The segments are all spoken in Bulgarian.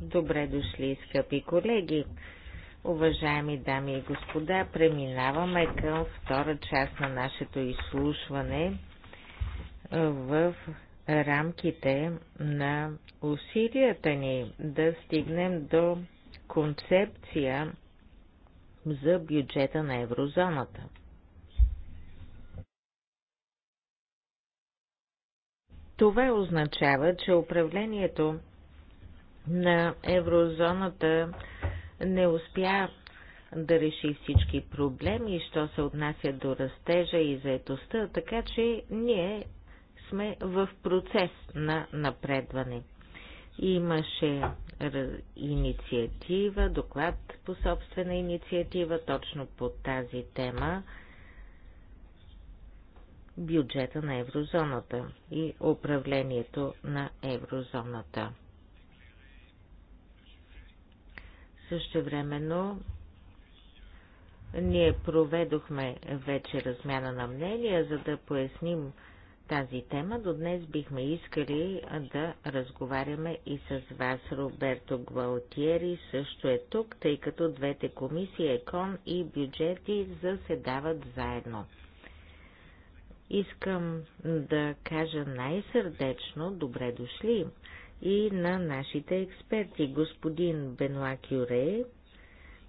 Добре дошли, скъпи колеги. Уважаеми дами и господа, преминаваме към втора част на нашето изслушване в рамките на усилията ни да стигнем до концепция за бюджета на еврозоната. Това означава, че управлението на еврозоната не успя да реши всички проблеми, що се отнася до растежа и заетостта, така че ние сме в процес на напредване. Имаше инициатива, доклад по собствена инициатива точно по тази тема бюджета на еврозоната и управлението на еврозоната. Същевременно ние проведохме вече размяна на мнения, за да поясним тази тема. До днес бихме искали да разговаряме и с вас. Роберто Гвалтиери също е тук, тъй като двете комисии, ЕКОН и бюджети, заседават заедно. Искам да кажа най-сърдечно добре дошли и на нашите експерти, господин Бенуа Кюре,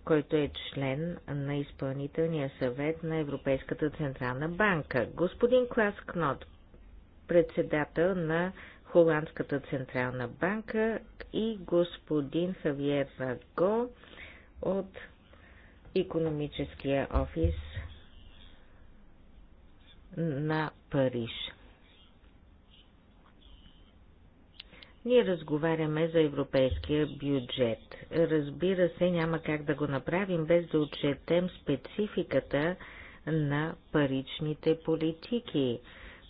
който е член на изпълнителния съвет на Европейската централна банка, господин Клас Кнот, председател на Холандската централна банка и господин Хавиер Раго от економическия офис на Париж. Ние разговаряме за европейския бюджет. Разбира се, няма как да го направим без да отчетем спецификата на паричните политики,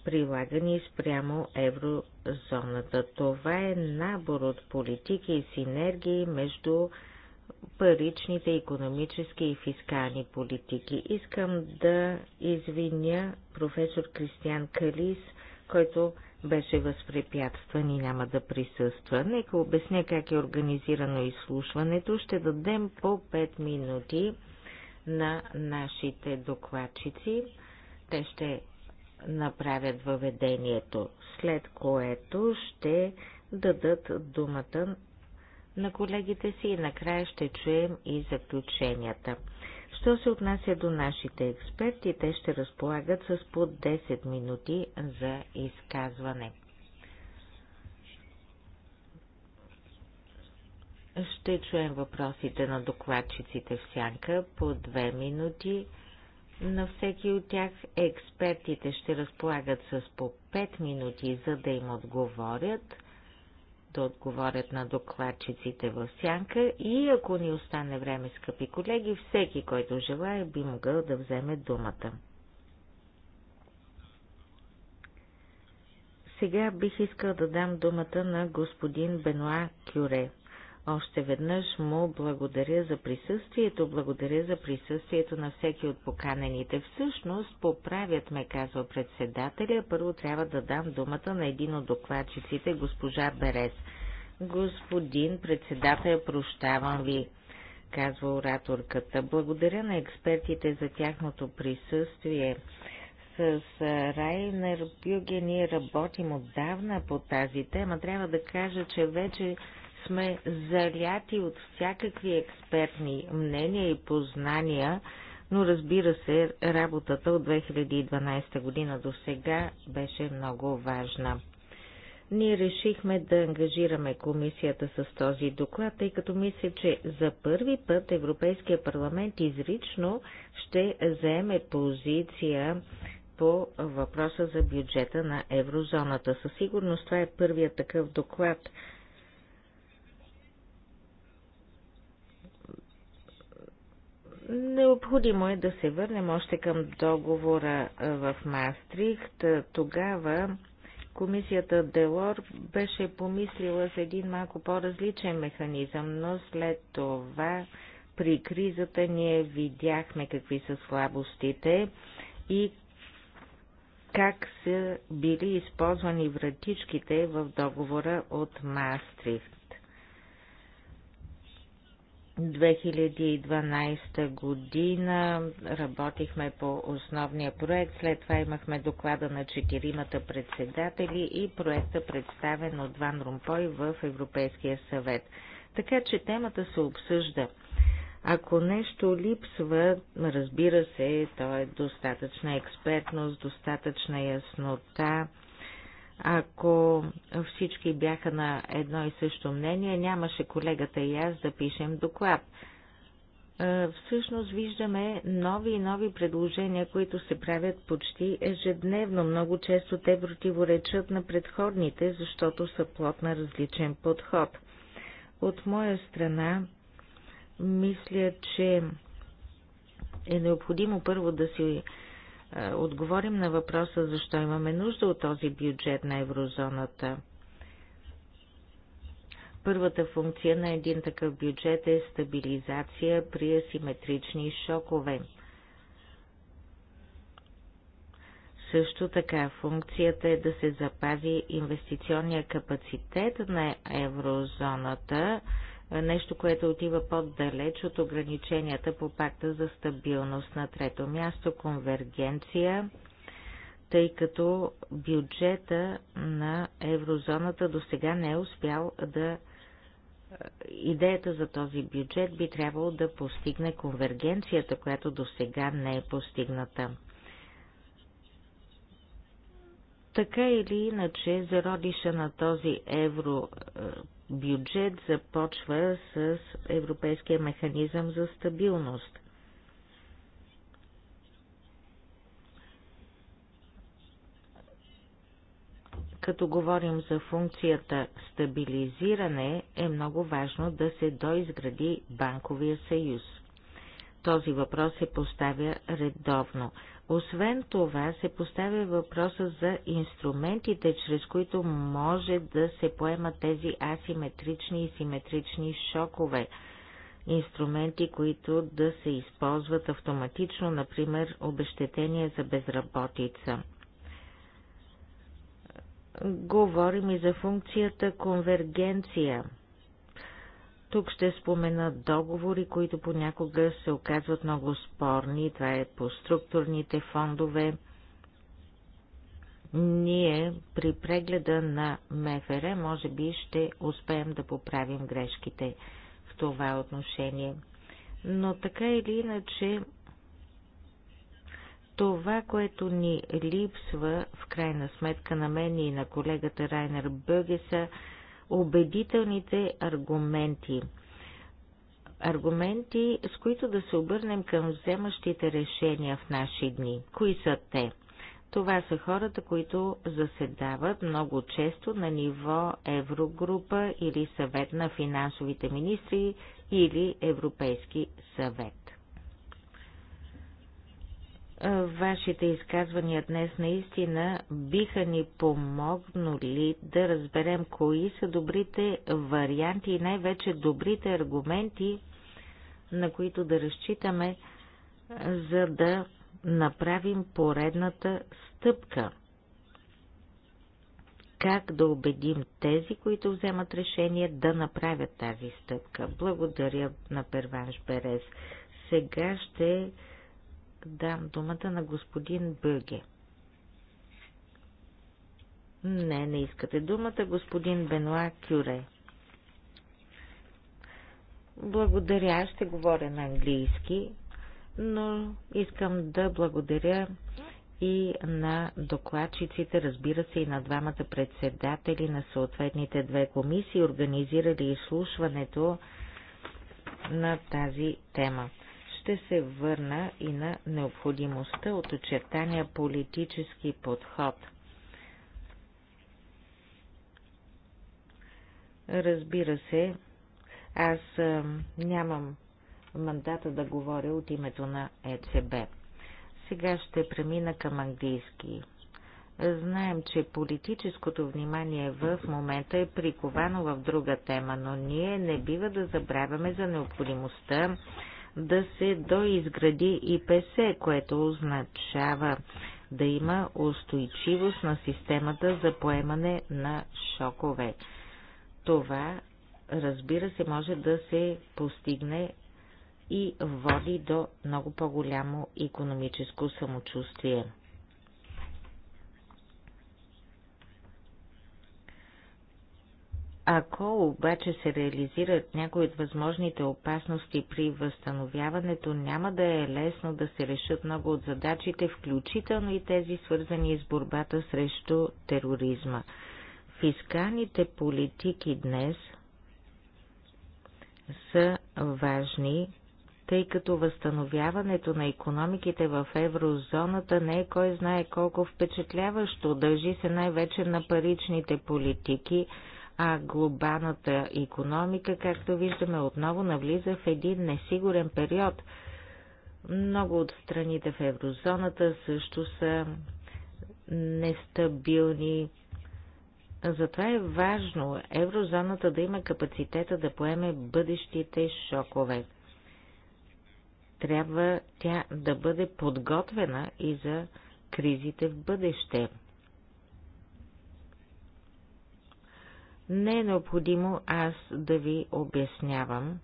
прилагани спрямо еврозоната. Това е набор от политики и синергии между паричните, економически и фискални политики. Искам да извиня професор Кристиан Калис, който беше възпрепятстван и няма да присъства. Нека обясня как е организирано изслушването. Ще дадем по 5 минути на нашите докладчици. Те ще направят въведението, след което ще дадат думата на колегите си и накрая ще чуем и заключенията. Що се отнася до нашите експерти, те ще разполагат с по 10 минути за изказване. Ще чуем въпросите на докладчиците в сянка по 2 минути. На всеки от тях експертите ще разполагат с по 5 минути, за да им отговорят – да отговорят на докладчиците в сянка и ако ни остане време, скъпи колеги, всеки, който желая, би могъл да вземе думата. Сега бих искал да дам думата на господин Бенуа Кюре. Още веднъж му благодаря за присъствието, благодаря за присъствието на всеки от поканените. Всъщност, поправят ме, казва председателя, първо трябва да дам думата на един от докладчиците, госпожа Берес. Господин председател, прощавам ви, казва ораторката. Благодаря на експертите за тяхното присъствие. С Райнер Бюге ние работим отдавна по тази тема. Трябва да кажа, че вече сме заляти от всякакви експертни мнения и познания, но разбира се, работата от 2012 година до сега беше много важна. Ние решихме да ангажираме комисията с този доклад, тъй като мисля, че за първи път Европейския парламент изрично ще заеме позиция по въпроса за бюджета на еврозоната. Със сигурност това е първият такъв доклад Необходимо е да се върнем още към договора в Мастрихт. Тогава комисията Делор беше помислила за един малко по-различен механизъм, но след това при кризата ние видяхме какви са слабостите и как са били използвани вратичките в договора от Мастрихт. 2012 година работихме по основния проект, след това имахме доклада на четиримата председатели и проекта представен от Ван Румпой в Европейския съвет. Така че темата се обсъжда. Ако нещо липсва, разбира се, то е достатъчна експертност, достатъчна яснота, ако всички бяха на едно и също мнение, нямаше колегата и аз да пишем доклад. Е, всъщност виждаме нови и нови предложения, които се правят почти ежедневно. Много често те противоречат на предходните, защото са плод на различен подход. От моя страна, мисля, че е необходимо първо да си е, отговорим на въпроса защо имаме нужда от този бюджет на еврозоната. Първата функция на един такъв бюджет е стабилизация при асиметрични шокове. Също така функцията е да се запази инвестиционния капацитет на еврозоната, е нещо, което отива по-далеч от ограниченията по пакта за стабилност. На трето място конвергенция, тъй като бюджета на еврозоната до сега не е успял да е, идеята за този бюджет би трябвало да постигне конвергенцията, която до сега не е постигната. Така или иначе, зародиша на този евро е, бюджет започва с Европейския механизъм за стабилност. Като говорим за функцията стабилизиране, е много важно да се доизгради банковия съюз – този въпрос се поставя редовно. Освен това се поставя въпроса за инструментите, чрез които може да се поемат тези асиметрични и симетрични шокове. Инструменти, които да се използват автоматично, например обещетение за безработица. Говорим и за функцията конвергенция – тук ще спомена договори, които понякога се оказват много спорни. Това е по структурните фондове. Ние при прегледа на МФР може би ще успеем да поправим грешките в това отношение. Но така или иначе, това, което ни липсва в крайна сметка на мен и на колегата Райнер Бъгеса, убедителните аргументи. Аргументи, с които да се обърнем към вземащите решения в наши дни. Кои са те? Това са хората, които заседават много често на ниво Еврогрупа или съвет на финансовите министри или Европейски съвет. Вашите изказвания днес наистина биха ни помогнали да разберем кои са добрите варианти и най-вече добрите аргументи, на които да разчитаме, за да направим поредната стъпка. Как да убедим тези, които вземат решение да направят тази стъпка? Благодаря на Перванш Берез. Сега ще дам думата на господин Бъге. Не, не искате думата, господин Бенуа Кюре. Благодаря, ще говоря на английски, но искам да благодаря и на докладчиците, разбира се, и на двамата председатели на съответните две комисии, организирали изслушването на тази тема ще се върна и на необходимостта от очертания политически подход. Разбира се, аз нямам мандата да говоря от името на ЕЦБ. Сега ще премина към английски. Знаем, че политическото внимание в момента е приковано в друга тема, но ние не бива да забравяме за необходимостта да се доизгради ПС, което означава да има устойчивост на системата за поемане на шокове. Това, разбира се, може да се постигне и води до много по-голямо економическо самочувствие. Ако обаче се реализират някои от възможните опасности при възстановяването, няма да е лесно да се решат много от задачите, включително и тези свързани с борбата срещу тероризма. Фискалните политики днес са важни, тъй като възстановяването на економиките в еврозоната не е кой знае колко впечатляващо, дължи се най-вече на паричните политики – а глобалната економика, както виждаме, отново навлиза в един несигурен период. Много от страните в еврозоната също са нестабилни. Затова е важно еврозоната да има капацитета да поеме бъдещите шокове. Трябва тя да бъде подготвена и за кризите в бъдеще. Не е необходимо аз да ви обяснявам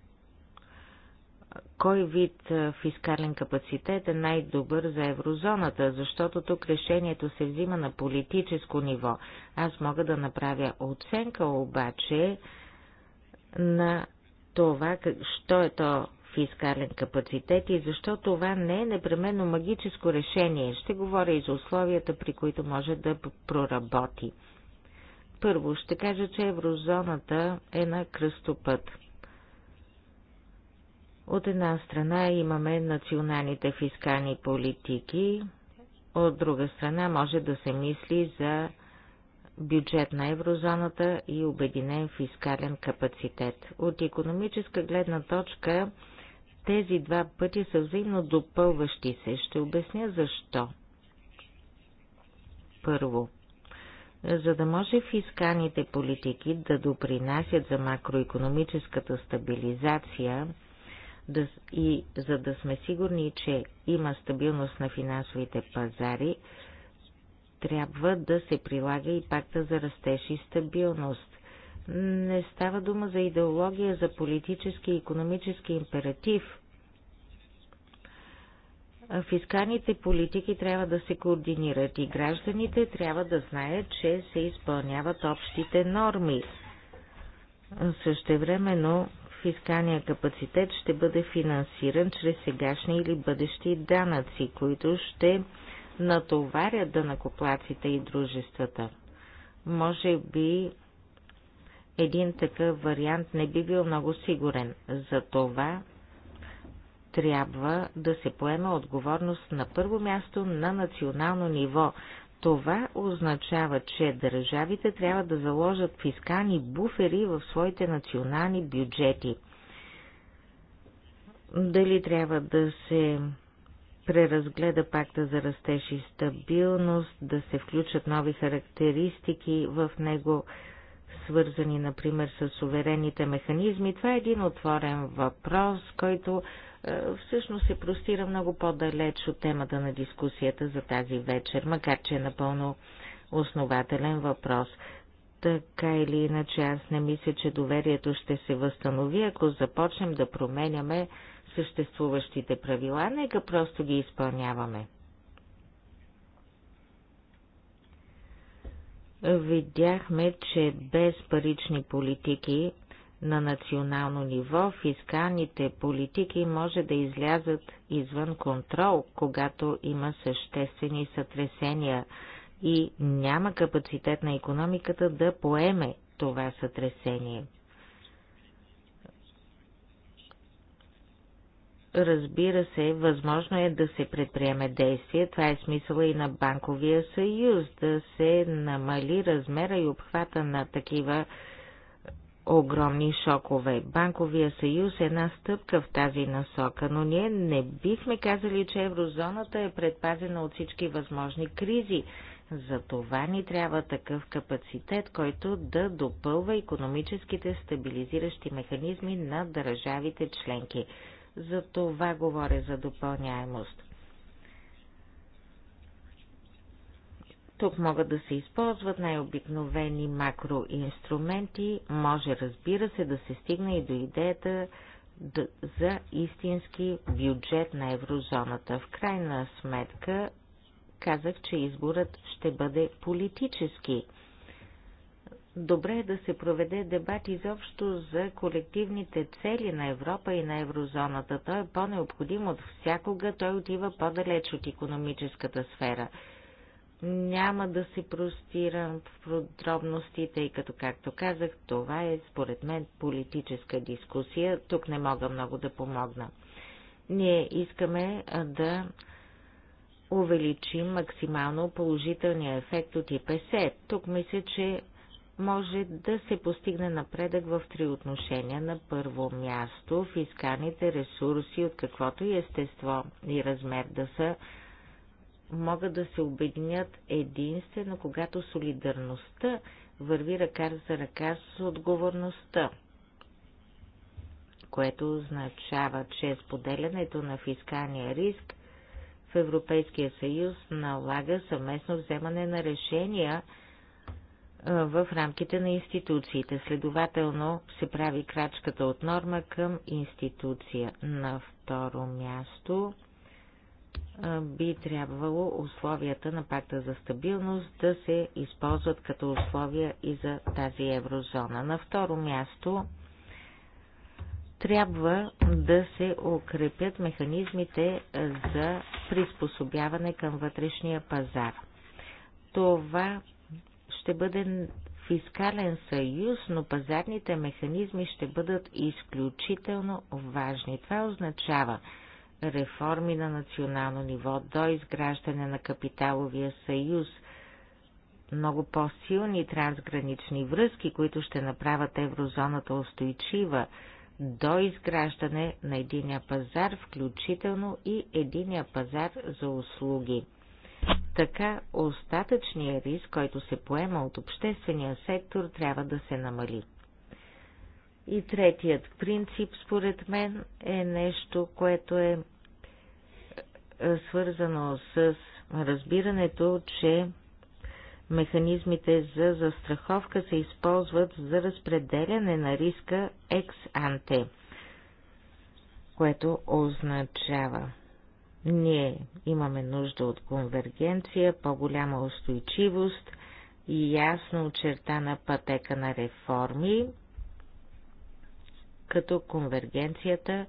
кой вид фискален капацитет е най-добър за еврозоната, защото тук решението се взима на политическо ниво. Аз мога да направя оценка обаче на това, що е то фискален капацитет и защо това не е непременно магическо решение. Ще говоря и за условията, при които може да проработи. Първо, ще кажа, че еврозоната е на кръстопът. От една страна имаме националните фискални политики, от друга страна може да се мисли за бюджет на еврозоната и обединен фискален капацитет. От економическа гледна точка тези два пъти са взаимно допълващи се. Ще обясня защо. Първо, за да може фискалните политики да допринасят за макроекономическата стабилизация да, и за да сме сигурни, че има стабилност на финансовите пазари, трябва да се прилага и пакта за растеж и стабилност. Не става дума за идеология, за политически и економически императив – фискалните политики трябва да се координират и гражданите трябва да знаят, че се изпълняват общите норми. Същевременно фискалният капацитет ще бъде финансиран чрез сегашни или бъдещи данъци, които ще натоварят данакоплаците и дружествата. Може би един такъв вариант не би бил много сигурен. За това трябва да се поема отговорност на първо място на национално ниво. Това означава, че държавите трябва да заложат фискални буфери в своите национални бюджети. Дали трябва да се преразгледа пакта за растеж и стабилност, да се включат нови характеристики в него, свързани, например, с суверените механизми. Това е един отворен въпрос, който е, всъщност се простира много по-далеч от темата на дискусията за тази вечер, макар че е напълно основателен въпрос. Така или иначе, аз не мисля, че доверието ще се възстанови, ако започнем да променяме съществуващите правила, нека просто ги изпълняваме. Видяхме, че без парични политики на национално ниво фискалните политики може да излязат извън контрол, когато има съществени сътресения и няма капацитет на економиката да поеме това сътресение. Разбира се, възможно е да се предприеме действие, това е смисъла и на Банковия съюз, да се намали размера и обхвата на такива огромни шокове. Банковия съюз е една стъпка в тази насока, но ние не бихме казали, че еврозоната е предпазена от всички възможни кризи. За това ни трябва такъв капацитет, който да допълва економическите стабилизиращи механизми на държавите членки. За това говоря за допълняемост. Тук могат да се използват най-обикновени макроинструменти. Може, разбира се, да се стигне и до идеята за истински бюджет на еврозоната. В крайна сметка казах, че изборът ще бъде политически. Добре е да се проведе дебат изобщо за колективните цели на Европа и на еврозоната. Той е по-необходим от всякога, той отива по-далеч от економическата сфера. Няма да се простирам в подробности, тъй като, както казах, това е според мен политическа дискусия. Тук не мога много да помогна. Ние искаме да увеличим максимално положителния ефект от ИПС. Тук мисля, че може да се постигне напредък в три отношения. На първо място, фискалните ресурси от каквото и естество и размер да са могат да се обединят единствено, когато солидарността върви ръка за ръка с отговорността, което означава, че споделянето на фискалния риск в Европейския съюз налага съвместно вземане на решения в рамките на институциите. Следователно се прави крачката от норма към институция. На второ място би трябвало условията на пакта за стабилност да се използват като условия и за тази еврозона. На второ място трябва да се укрепят механизмите за приспособяване към вътрешния пазар. Това ще бъде фискален съюз, но пазарните механизми ще бъдат изключително важни. Това означава, реформи на национално ниво, до изграждане на капиталовия съюз, много по-силни трансгранични връзки, които ще направят еврозоната устойчива, до изграждане на единия пазар, включително и единия пазар за услуги. Така остатъчният риск, който се поема от обществения сектор, трябва да се намали. И третият принцип, според мен, е нещо, което е, е свързано с разбирането, че механизмите за застраховка се използват за разпределяне на риска екс-анте, което означава ние имаме нужда от конвергенция, по-голяма устойчивост и ясно очертана пътека на реформи, като конвергенцията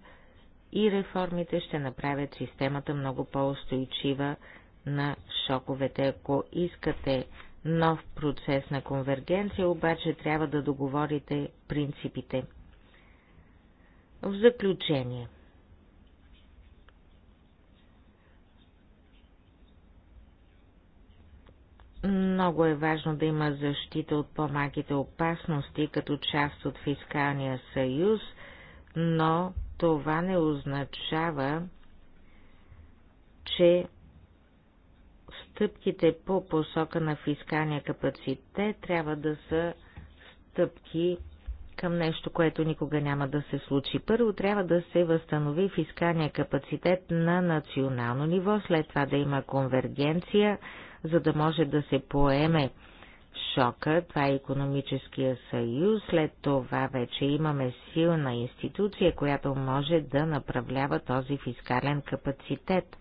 и реформите ще направят системата много по-устойчива на шоковете. Ако искате нов процес на конвергенция, обаче трябва да договорите принципите. В заключение – Много е важно да има защита от по-малките опасности като част от фискалния съюз, но това не означава, че стъпките по посока на фискалния капацитет трябва да са стъпки към нещо, което никога няма да се случи. Първо трябва да се възстанови фискалния капацитет на национално ниво, след това да има конвергенция, за да може да се поеме шока, това е економическия съюз, след това вече имаме силна институция, която може да направлява този фискален капацитет.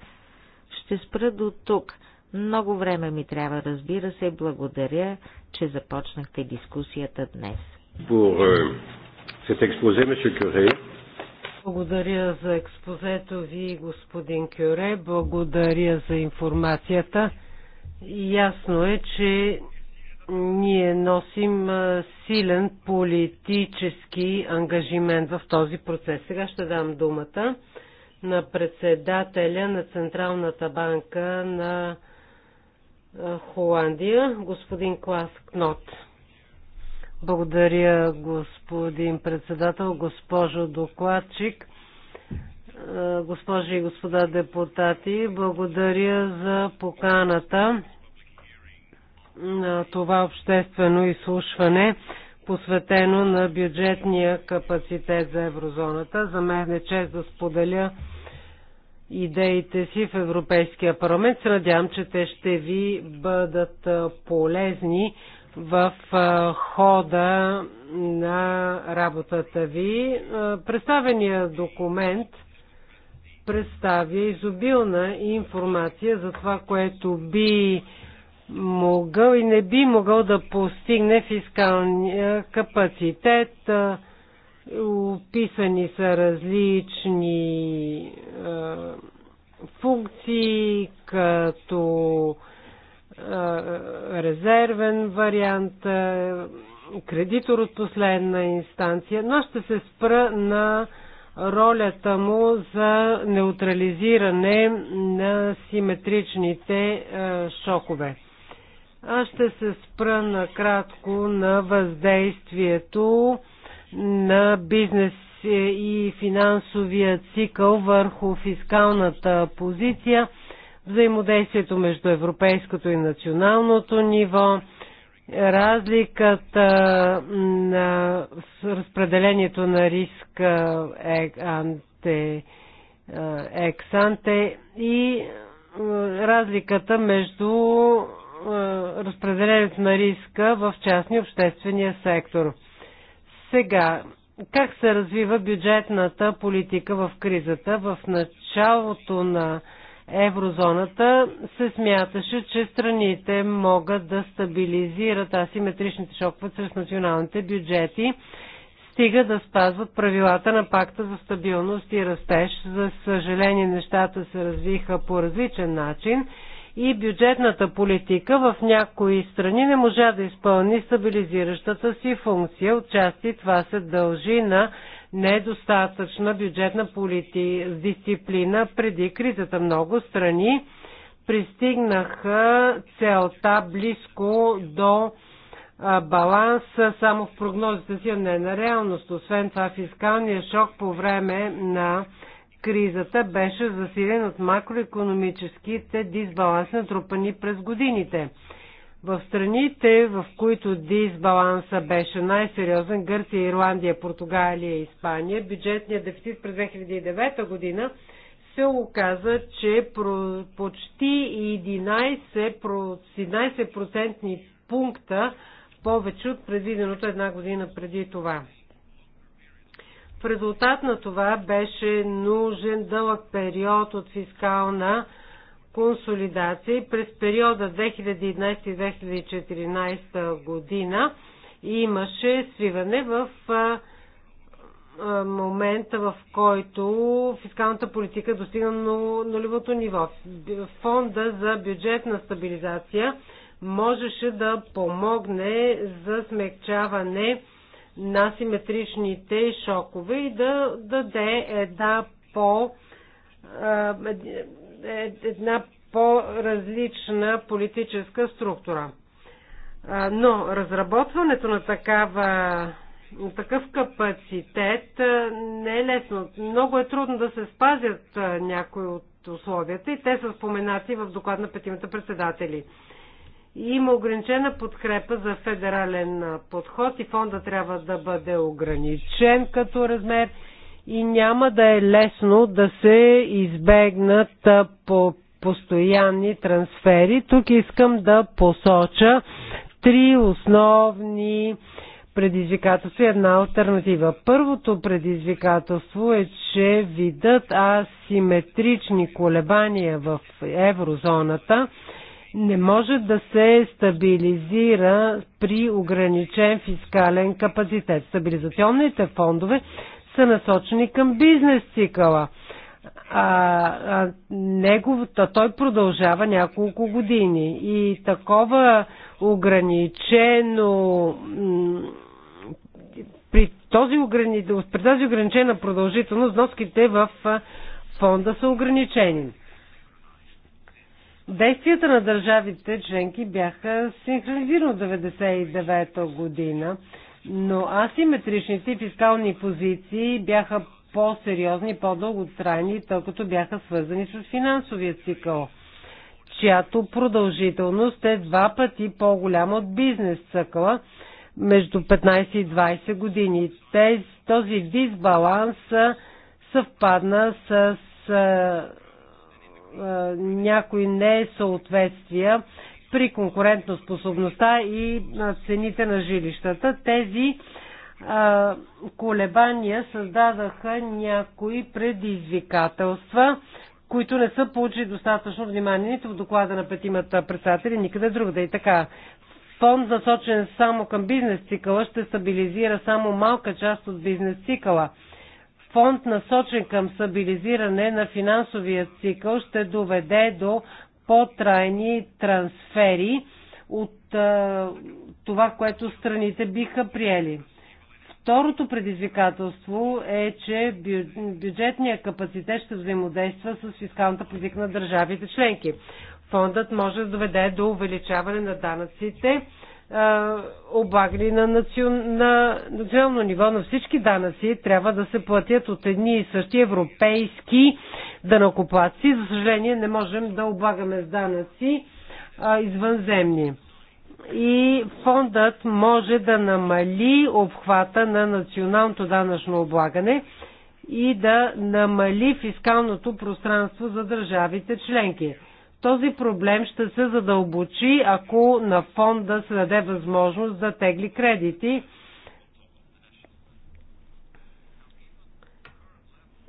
Ще спра до тук. Много време ми трябва, разбира се, благодаря, че започнахте дискусията днес. Euh, благодаря за експозето ви, господин Кюре. Благодаря за информацията. Ясно е, че ние носим силен политически ангажимент в този процес. Сега ще дам думата на председателя на Централната банка на Холандия, господин Клас Кнот. Благодаря, господин председател, госпожо докладчик госпожи и господа депутати. Благодаря за поканата на това обществено изслушване, посветено на бюджетния капацитет за еврозоната. За мен е чест да споделя идеите си в Европейския парламент. Се надявам, че те ще ви бъдат полезни в хода на работата ви. Представения документ – представя изобилна информация за това, което би могъл и не би могъл да постигне фискалния капацитет. Описани са различни функции, като резервен вариант, кредитор от последна инстанция, но ще се спра на ролята му за неутрализиране на симетричните е, шокове. Аз ще се спра накратко на въздействието на бизнес е, и финансовия цикъл върху фискалната позиция, взаимодействието между европейското и националното ниво, Разликата на разпределението на риска е анте, е, ексанте и е, разликата между е, разпределението на риска в частния обществения сектор. Сега, как се развива бюджетната политика в кризата? В началото на еврозоната, се смяташе, че страните могат да стабилизират асиметричните шокове чрез националните бюджети, стига да спазват правилата на пакта за стабилност и растеж. За съжаление, нещата се развиха по различен начин и бюджетната политика в някои страни не можа да изпълни стабилизиращата си функция. Отчасти това се дължи на недостатъчна бюджетна полити... дисциплина преди кризата. Много страни пристигнаха целта близко до баланс само в прогнозите си, а не на реалност. Освен това, фискалният шок по време на кризата беше засилен от макроекономическите дисбаланси, натрупани през годините. В страните, в които дисбаланса беше най-сериозен, Гърция, Ирландия, Португалия и Испания, бюджетният дефицит през 2009 година се оказа, че почти 11% пункта повече от предвиденото една година преди това. В резултат на това беше нужен дълъг период от фискална консолидации през периода 2011-2014 година имаше свиване в момента, в който фискалната политика достигна нулевото ниво. Фонда за бюджетна стабилизация можеше да помогне за смягчаване на симетричните шокове и да даде една по е една по-различна политическа структура. Но разработването на такава такъв капацитет не е лесно. Много е трудно да се спазят някои от условията и те са споменати в доклад на петимата председатели. Има ограничена подкрепа за федерален подход и фонда трябва да бъде ограничен като размер и няма да е лесно да се избегнат по постоянни трансфери. Тук искам да посоча три основни предизвикателства и една альтернатива. Първото предизвикателство е, че видът асиметрични колебания в еврозоната не може да се стабилизира при ограничен фискален капацитет. Стабилизационните фондове са насочени към бизнес цикъла. А, а неговата, той продължава няколко години и такова ограничено при, този, ограни... при тази ограничена продължителност вноските в фонда са ограничени. Действията на държавите членки бяха синхронизирани от 1999 година но асиметричните фискални позиции бяха по-сериозни, по-дълготрайни, тъй като бяха свързани с финансовия цикъл, чиято продължителност е два пъти по-голяма от бизнес цикъла между 15 и 20 години. Тез, този дисбаланс съвпадна с а, а, някои несъответствия при способността и цените на жилищата. Тези колебания създадаха някои предизвикателства, които не са получили достатъчно внимание нито в доклада на петимата председатели, никъде другаде. И така, фонд насочен само към бизнес цикъла ще стабилизира само малка част от бизнес цикъла. Фонд насочен към стабилизиране на финансовия цикъл ще доведе до по-трайни трансфери от а, това, което страните биха приели. Второто предизвикателство е, че бюджетният капацитет ще взаимодейства с фискалната позика на държавите членки. Фондът може да доведе до увеличаване на данъците облагани на, национ... на национално ниво на всички данъци трябва да се платят от едни и същи европейски данъкоплатци. За съжаление не можем да облагаме с данъци а, извънземни. И фондът може да намали обхвата на националното данъчно облагане и да намали фискалното пространство за държавите членки. Този проблем ще се задълбочи, ако на фонда се даде възможност да тегли кредити.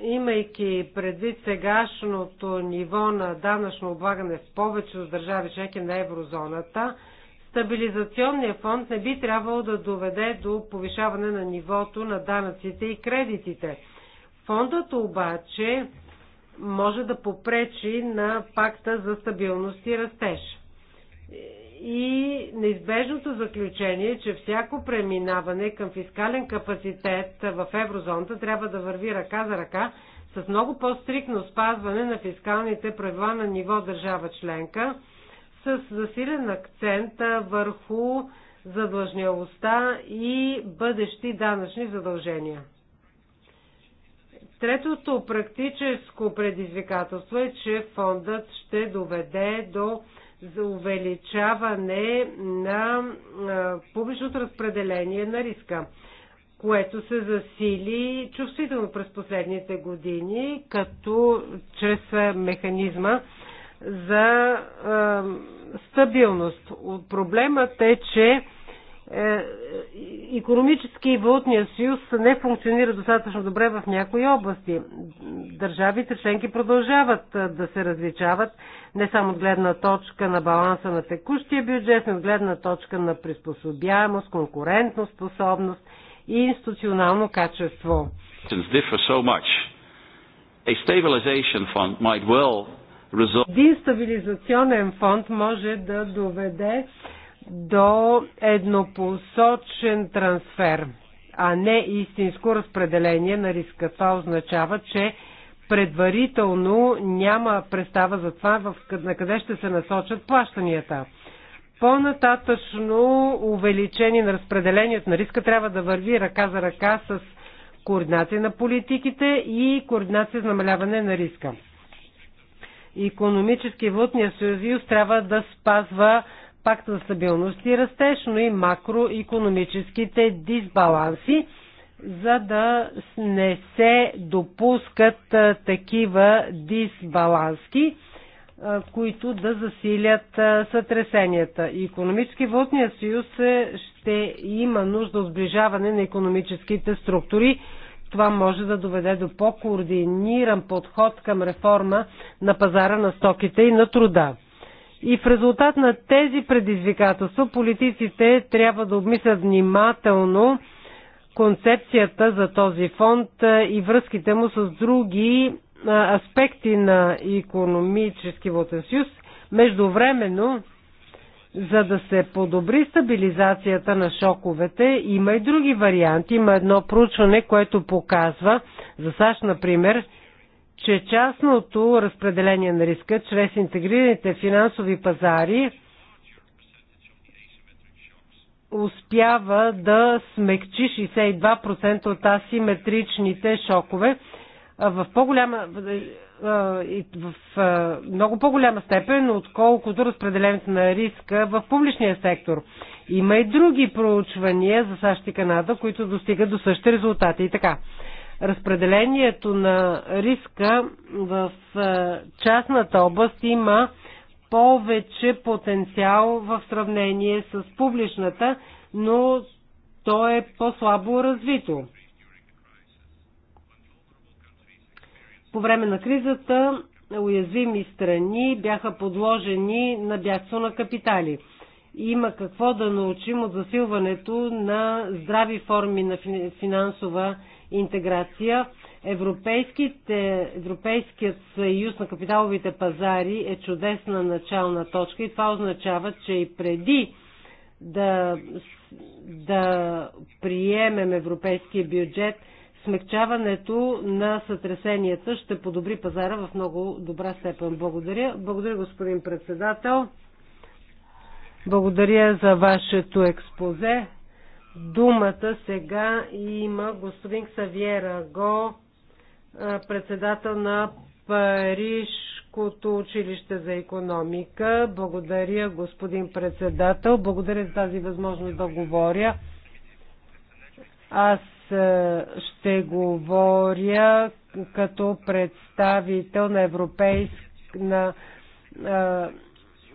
Имайки предвид сегашното ниво на данъчно облагане в повечето държави членки на еврозоната, стабилизационният фонд не би трябвало да доведе до повишаване на нивото на данъците и кредитите. Фондът обаче може да попречи на пакта за стабилност и растеж. И неизбежното заключение е, че всяко преминаване към фискален капацитет в еврозоната трябва да върви ръка за ръка с много по-стрикно спазване на фискалните правила на ниво държава членка, с засилен акцент върху задлъжнялостта и бъдещи данъчни задължения. Третото практическо предизвикателство е, че фондът ще доведе до за увеличаване на публичното разпределение на риска, което се засили чувствително през последните години, като чрез механизма за стабилност. Проблемът е, че економически е, и валутния съюз не функционира достатъчно добре в някои области. Държавите членки продължават е, да се различават не само от гледна точка на баланса на текущия бюджет, но от гледна точка на приспособяемост, конкурентност, способност и институционално качество. Един стабилизационен фонд може да доведе до еднопосочен трансфер, а не истинско разпределение на риска. Това означава, че предварително няма представа за това на къде ще се насочат плащанията. По-нататъчно увеличение на разпределението на риска трябва да върви ръка за ръка с координация на политиките и координация за намаляване на риска. Економически и валутния съюз трябва да спазва пакт за стабилност и растеж, но и макроекономическите дисбаланси, за да не се допускат такива дисбалански, които да засилят сътресенията. Економически валутния съюз е, ще има нужда от сближаване на економическите структури. Това може да доведе до по-координиран подход към реформа на пазара на стоките и на труда. И в резултат на тези предизвикателства политиците трябва да обмислят внимателно концепцията за този фонд и връзките му с други аспекти на економически вълтен съюз. Междувременно, за да се подобри стабилизацията на шоковете, има и други варианти. Има едно проучване, което показва, за САЩ, например, че частното разпределение на риска чрез интегрираните финансови пазари успява да смекчи 62% от асиметричните шокове. В, по-голяма, в много по-голяма степен, отколкото разпределението на риска в публичния сектор. Има и други проучвания за САЩ и Канада, които достигат до същите резултати. И така, разпределението на риска в е, частната област има повече потенциал в сравнение с публичната, но то е по-слабо развито. По време на кризата уязвими страни бяха подложени на бягство на капитали. Има какво да научим от засилването на здрави форми на финансова интеграция. Европейският съюз на капиталовите пазари е чудесна начална точка и това означава, че и преди да, да приемем европейския бюджет, смягчаването на сътресенията ще подобри пазара в много добра степен. Благодаря. Благодаря, господин председател. Благодаря за вашето експозе думата сега има господин Ксавиера Раго, председател на Парижското училище за економика. Благодаря, господин председател. Благодаря за тази възможност да говоря. Аз ще говоря като представител на европейск на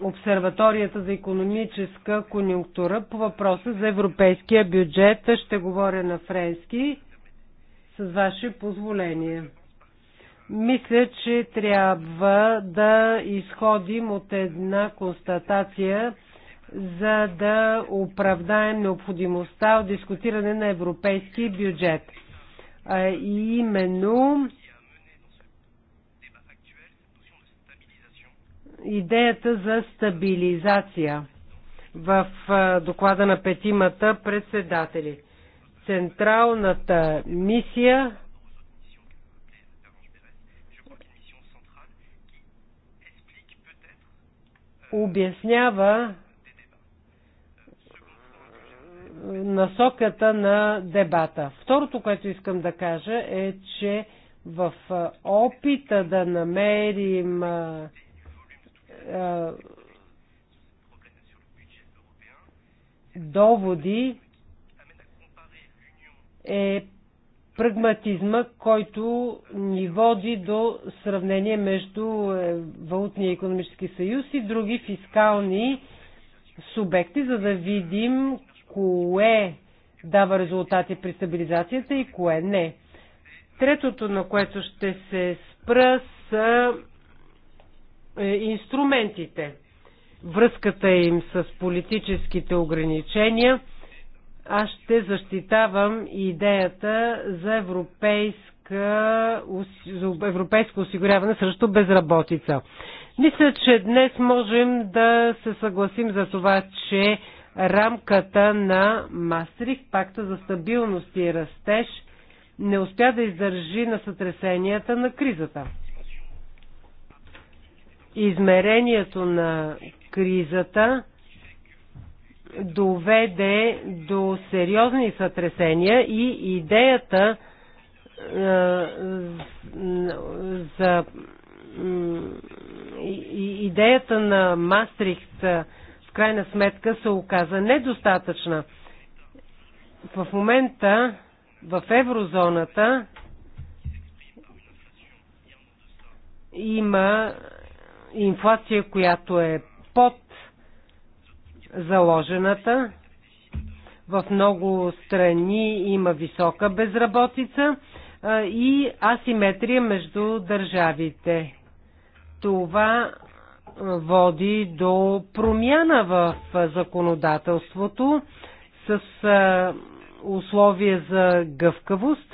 обсерваторията за економическа конюнктура по въпроса за европейския бюджет. Ще говоря на френски с ваше позволение. Мисля, че трябва да изходим от една констатация, за да оправдаем необходимостта от дискутиране на европейски бюджет. А именно идеята за стабилизация в доклада на петимата председатели. Централната мисия обяснява насоката на дебата. Второто, което искам да кажа е, че в опита да намерим е, доводи е прагматизма, който ни води до сравнение между е, Валутния и економически съюз и други фискални субекти, за да видим кое дава резултати при стабилизацията и кое не. Третото, на което ще се спра, са е, инструментите, връзката им с политическите ограничения. Аз ще защитавам идеята за европейска, за европейско осигуряване срещу безработица. Мисля, че днес можем да се съгласим за това, че рамката на Мастрих, пакта за стабилност и растеж, не успя да издържи на сътресенията на кризата измерението на кризата доведе до сериозни сътресения и идеята е, за идеята на Мастрихт е, в крайна сметка се оказа недостатъчна. В момента в еврозоната има инфлация, която е под заложената. В много страни има висока безработица и асиметрия между държавите. Това води до промяна в законодателството с условия за гъвкавост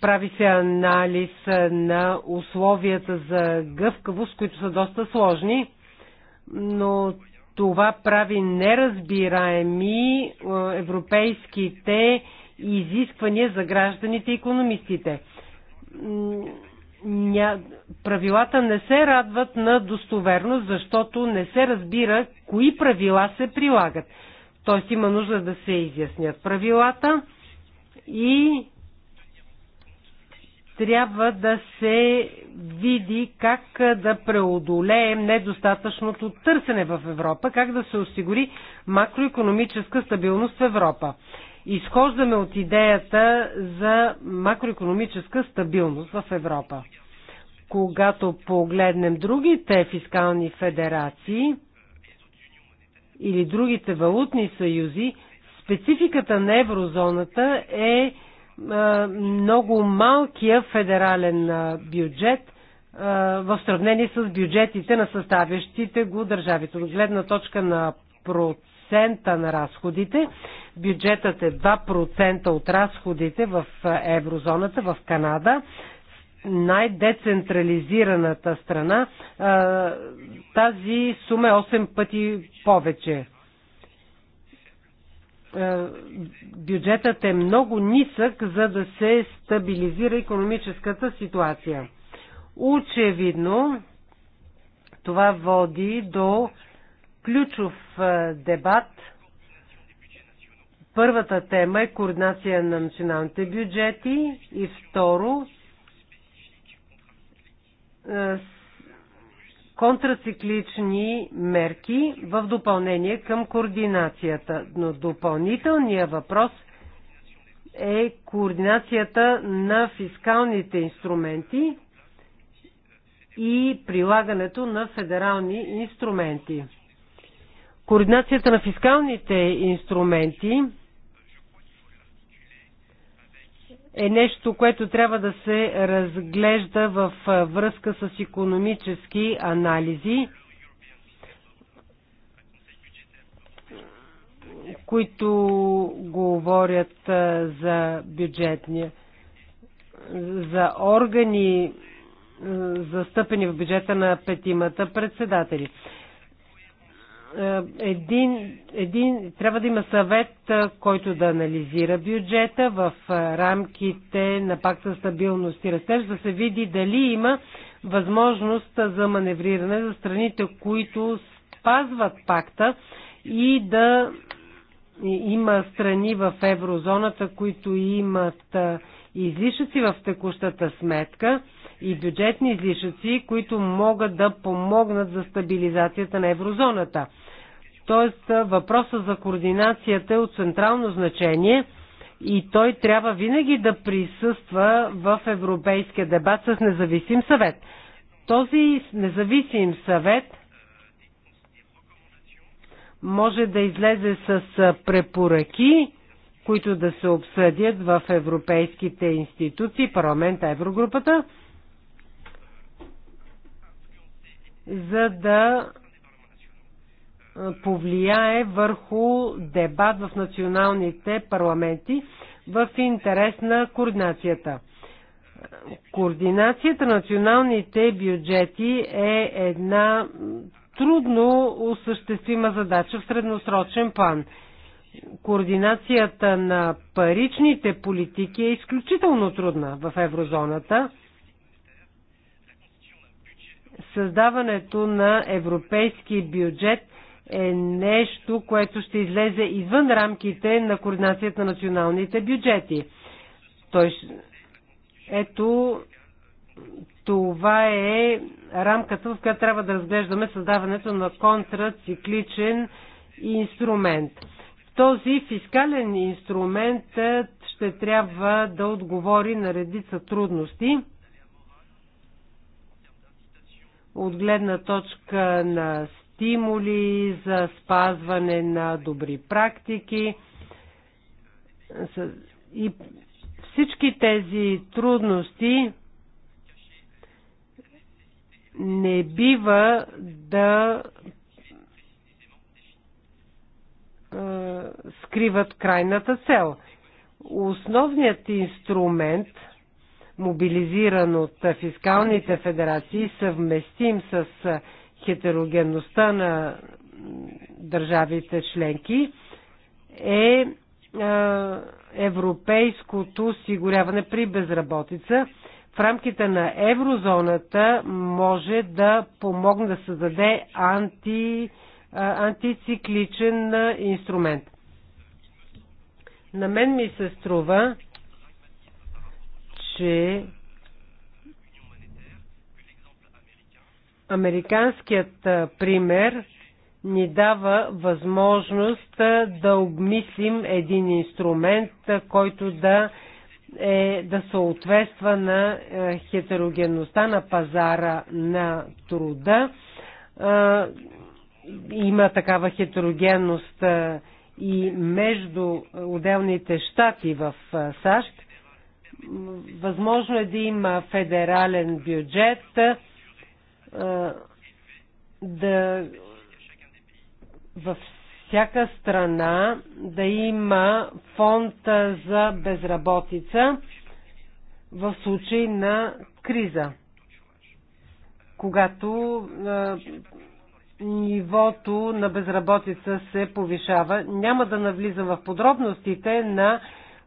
прави се анализ на условията за гъвкавост, които са доста сложни, но това прави неразбираеми е, европейските изисквания за гражданите и економистите. Правилата не се радват на достоверност, защото не се разбира кои правила се прилагат. Тоест има нужда да се изяснят правилата и трябва да се види как да преодолеем недостатъчното търсене в Европа, как да се осигури макроекономическа стабилност в Европа. Изхождаме от идеята за макроекономическа стабилност в Европа. Когато погледнем другите фискални федерации или другите валутни съюзи, спецификата на еврозоната е много малкия федерален бюджет в сравнение с бюджетите на съставящите го държавите. От гледна точка на процента на разходите, бюджетът е 2% от разходите в еврозоната, в Канада, най-децентрализираната страна, тази сума е 8 пъти повече. Е, бюджетът е много нисък, за да се стабилизира економическата ситуация. Очевидно, това води до ключов е, дебат. Първата тема е координация на националните бюджети и второ е, контрациклични мерки в допълнение към координацията. Но допълнителният въпрос е координацията на фискалните инструменти и прилагането на федерални инструменти. Координацията на фискалните инструменти е нещо, което трябва да се разглежда в връзка с економически анализи, които говорят за бюджетния, за органи, застъпени в бюджета на петимата председатели. Е, един, един, трябва да има съвет, който да анализира бюджета в рамките на пакта стабилност и растеж, да се види дали има възможност за маневриране за страните, които спазват пакта и да има страни в еврозоната, които имат излишъци в текущата сметка и бюджетни излишъци, които могат да помогнат за стабилизацията на еврозоната. Тоест въпроса за координацията е от централно значение и той трябва винаги да присъства в европейския дебат с независим съвет. Този независим съвет може да излезе с препоръки, които да се обсъдят в европейските институции, парламента, еврогрупата за да повлияе върху дебат в националните парламенти в интерес на координацията. Координацията на националните бюджети е една трудно осъществима задача в средносрочен план. Координацията на паричните политики е изключително трудна в еврозоната – Създаването на европейски бюджет е нещо, което ще излезе извън рамките на координацията на националните бюджети. Той, ето, това е рамката, в която трябва да разглеждаме създаването на контрацикличен инструмент. Този фискален инструмент е, ще трябва да отговори на редица трудности от гледна точка на стимули за спазване на добри практики. И всички тези трудности не бива да скриват крайната цел. Основният инструмент – мобилизиран от фискалните федерации, съвместим с хетерогенността на държавите членки, е европейското осигуряване при безработица в рамките на еврозоната може да помогне да създаде анти, антицикличен инструмент. На мен ми се струва, че американският пример ни дава възможност да обмислим един инструмент, който да, е, да съответства на хетерогенността на пазара на труда. Има такава хетерогенност и между отделните щати в САЩ. Възможно е да има федерален бюджет, да във всяка страна да има фонд за безработица в случай на криза, когато нивото на безработица се повишава. Няма да навлизам в подробностите на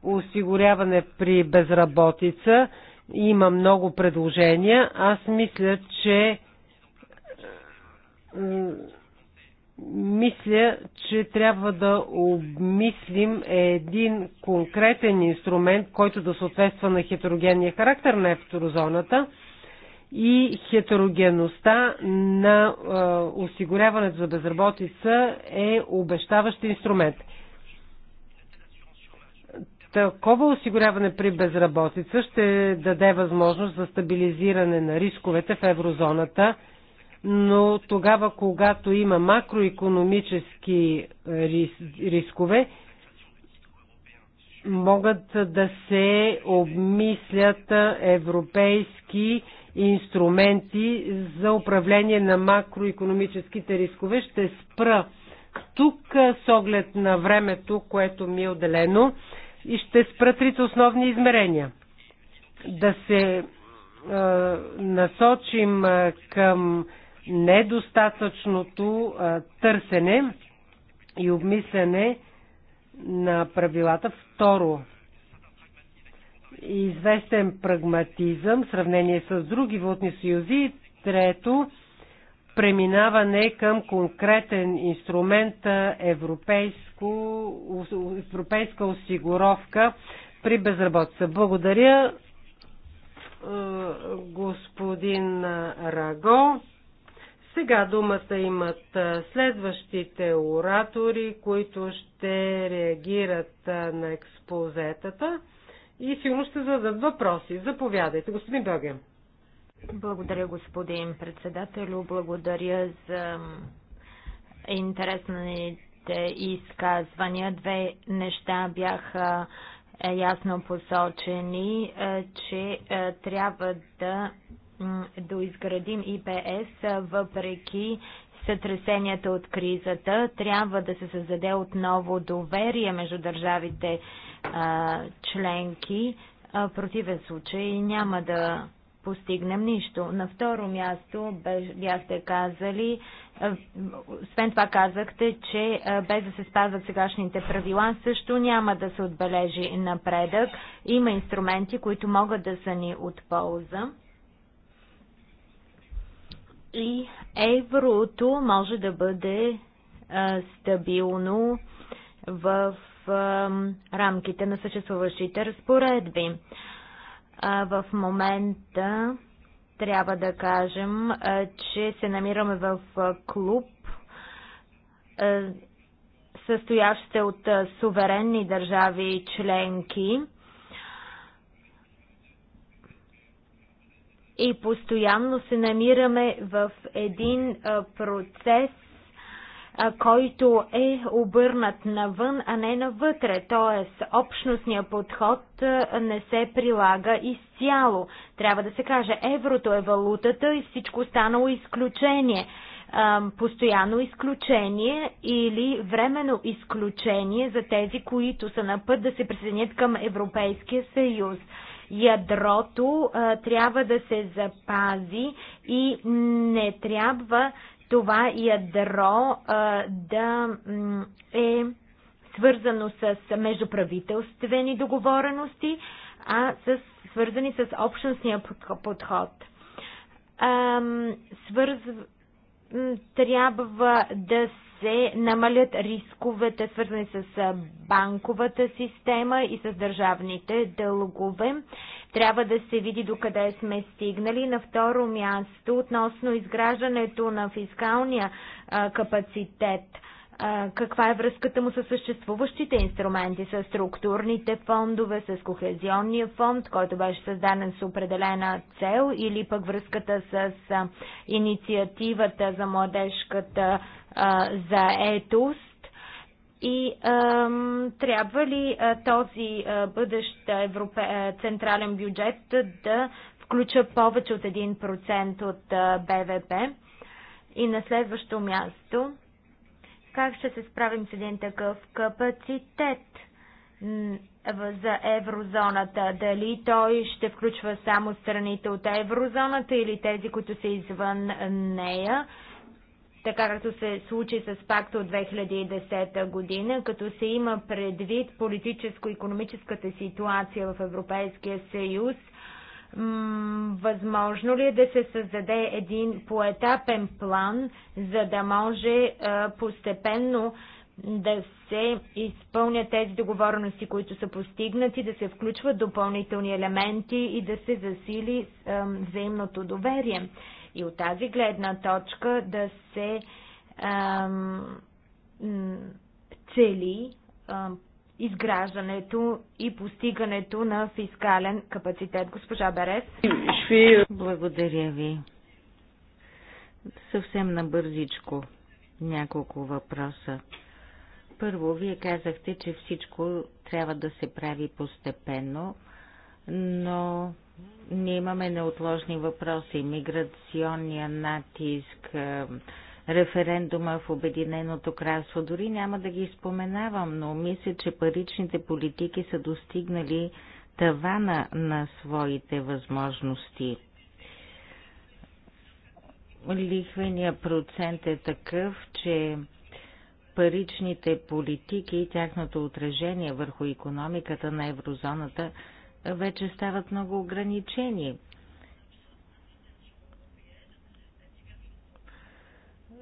осигуряване при безработица. Има много предложения. Аз мисля, че мисля, че трябва да обмислим един конкретен инструмент, който да съответства на хетерогенния характер на еврозоната и хетерогенността на осигуряването за безработица е обещаващ инструмент. Такова осигуряване при безработица ще даде възможност за стабилизиране на рисковете в еврозоната, но тогава, когато има макроекономически рис, рискове, могат да се обмислят европейски инструменти за управление на макроекономическите рискове. Ще спра тук с оглед на времето, което ми е отделено и ще спра трите основни измерения. Да се а, е, насочим а, е, към недостатъчното а, е, търсене и обмислене на правилата. Второ, известен прагматизъм в сравнение с други вълтни съюзи. Трето, преминаване към конкретен инструмент европейска осигуровка при безработица. Благодаря, господин Раго. Сега думата имат следващите оратори, които ще реагират на експозетата и сигурно ще зададат въпроси. Заповядайте, господин Белгия. Благодаря, господин председател, Благодаря за интересните изказвания. Две неща бяха е, ясно посочени, е, че е, трябва да доизградим ИПС въпреки сътресенията от кризата. Трябва да се създаде отново доверие между държавите членки. В противен случай няма да постигнем нищо. На второ място бяхте казали, е, освен това казахте, че е, без да се спазват сегашните правила, също няма да се отбележи напредък. Има инструменти, които могат да са ни от полза. И еврото може да бъде е, стабилно в рамките на съществуващите разпоредби. В момента трябва да кажем, че се намираме в клуб, състоящ се от суверенни държави членки. И постоянно се намираме в един процес който е обърнат навън, а не навътре. Т.е. общностният подход не се прилага изцяло. Трябва да се каже, еврото е валутата и всичко останало изключение. Постоянно изключение или временно изключение за тези, които са на път да се присъединят към Европейския съюз ядрото а, трябва да се запази и не трябва това ядро да е свързано с междуправителствени договорености, а с, свързани с общностния подход. Свърз... Трябва да се намалят рисковете, свързани с банковата система и с държавните дългове. Трябва да се види докъде сме стигнали. На второ място, относно изграждането на фискалния а, капацитет каква е връзката му с съществуващите инструменти, с структурните фондове, с кохезионния фонд, който беше създаден с определена цел, или пък връзката с инициативата за младежката заетост. И ам, трябва ли а, този а, бъдещ европе, а, централен бюджет да включва повече от 1% от а, БВП? И на следващо място, как ще се справим с един такъв капацитет за еврозоната? Дали той ще включва само страните от еврозоната или тези, които са извън нея? така както се случи с пакта от 2010 година, като се има предвид политическо-економическата ситуация в Европейския съюз, възможно ли е да се създаде един поетапен план, за да може постепенно да се изпълнят тези договорености, които са постигнати, да се включват допълнителни елементи и да се засили взаимното доверие и от тази гледна точка да се ам, цели ам, изграждането и постигането на фискален капацитет. Госпожа Берес. Благодаря ви. Съвсем набързичко няколко въпроса. Първо, вие казахте, че всичко трябва да се прави постепенно, но ние имаме неотложни въпроси. Миграционния натиск, е, референдума в Обединеното кралство. Дори няма да ги споменавам, но мисля, че паричните политики са достигнали тавана на своите възможности. Лихвения процент е такъв, че паричните политики и тяхното отражение върху економиката на еврозоната – вече стават много ограничени.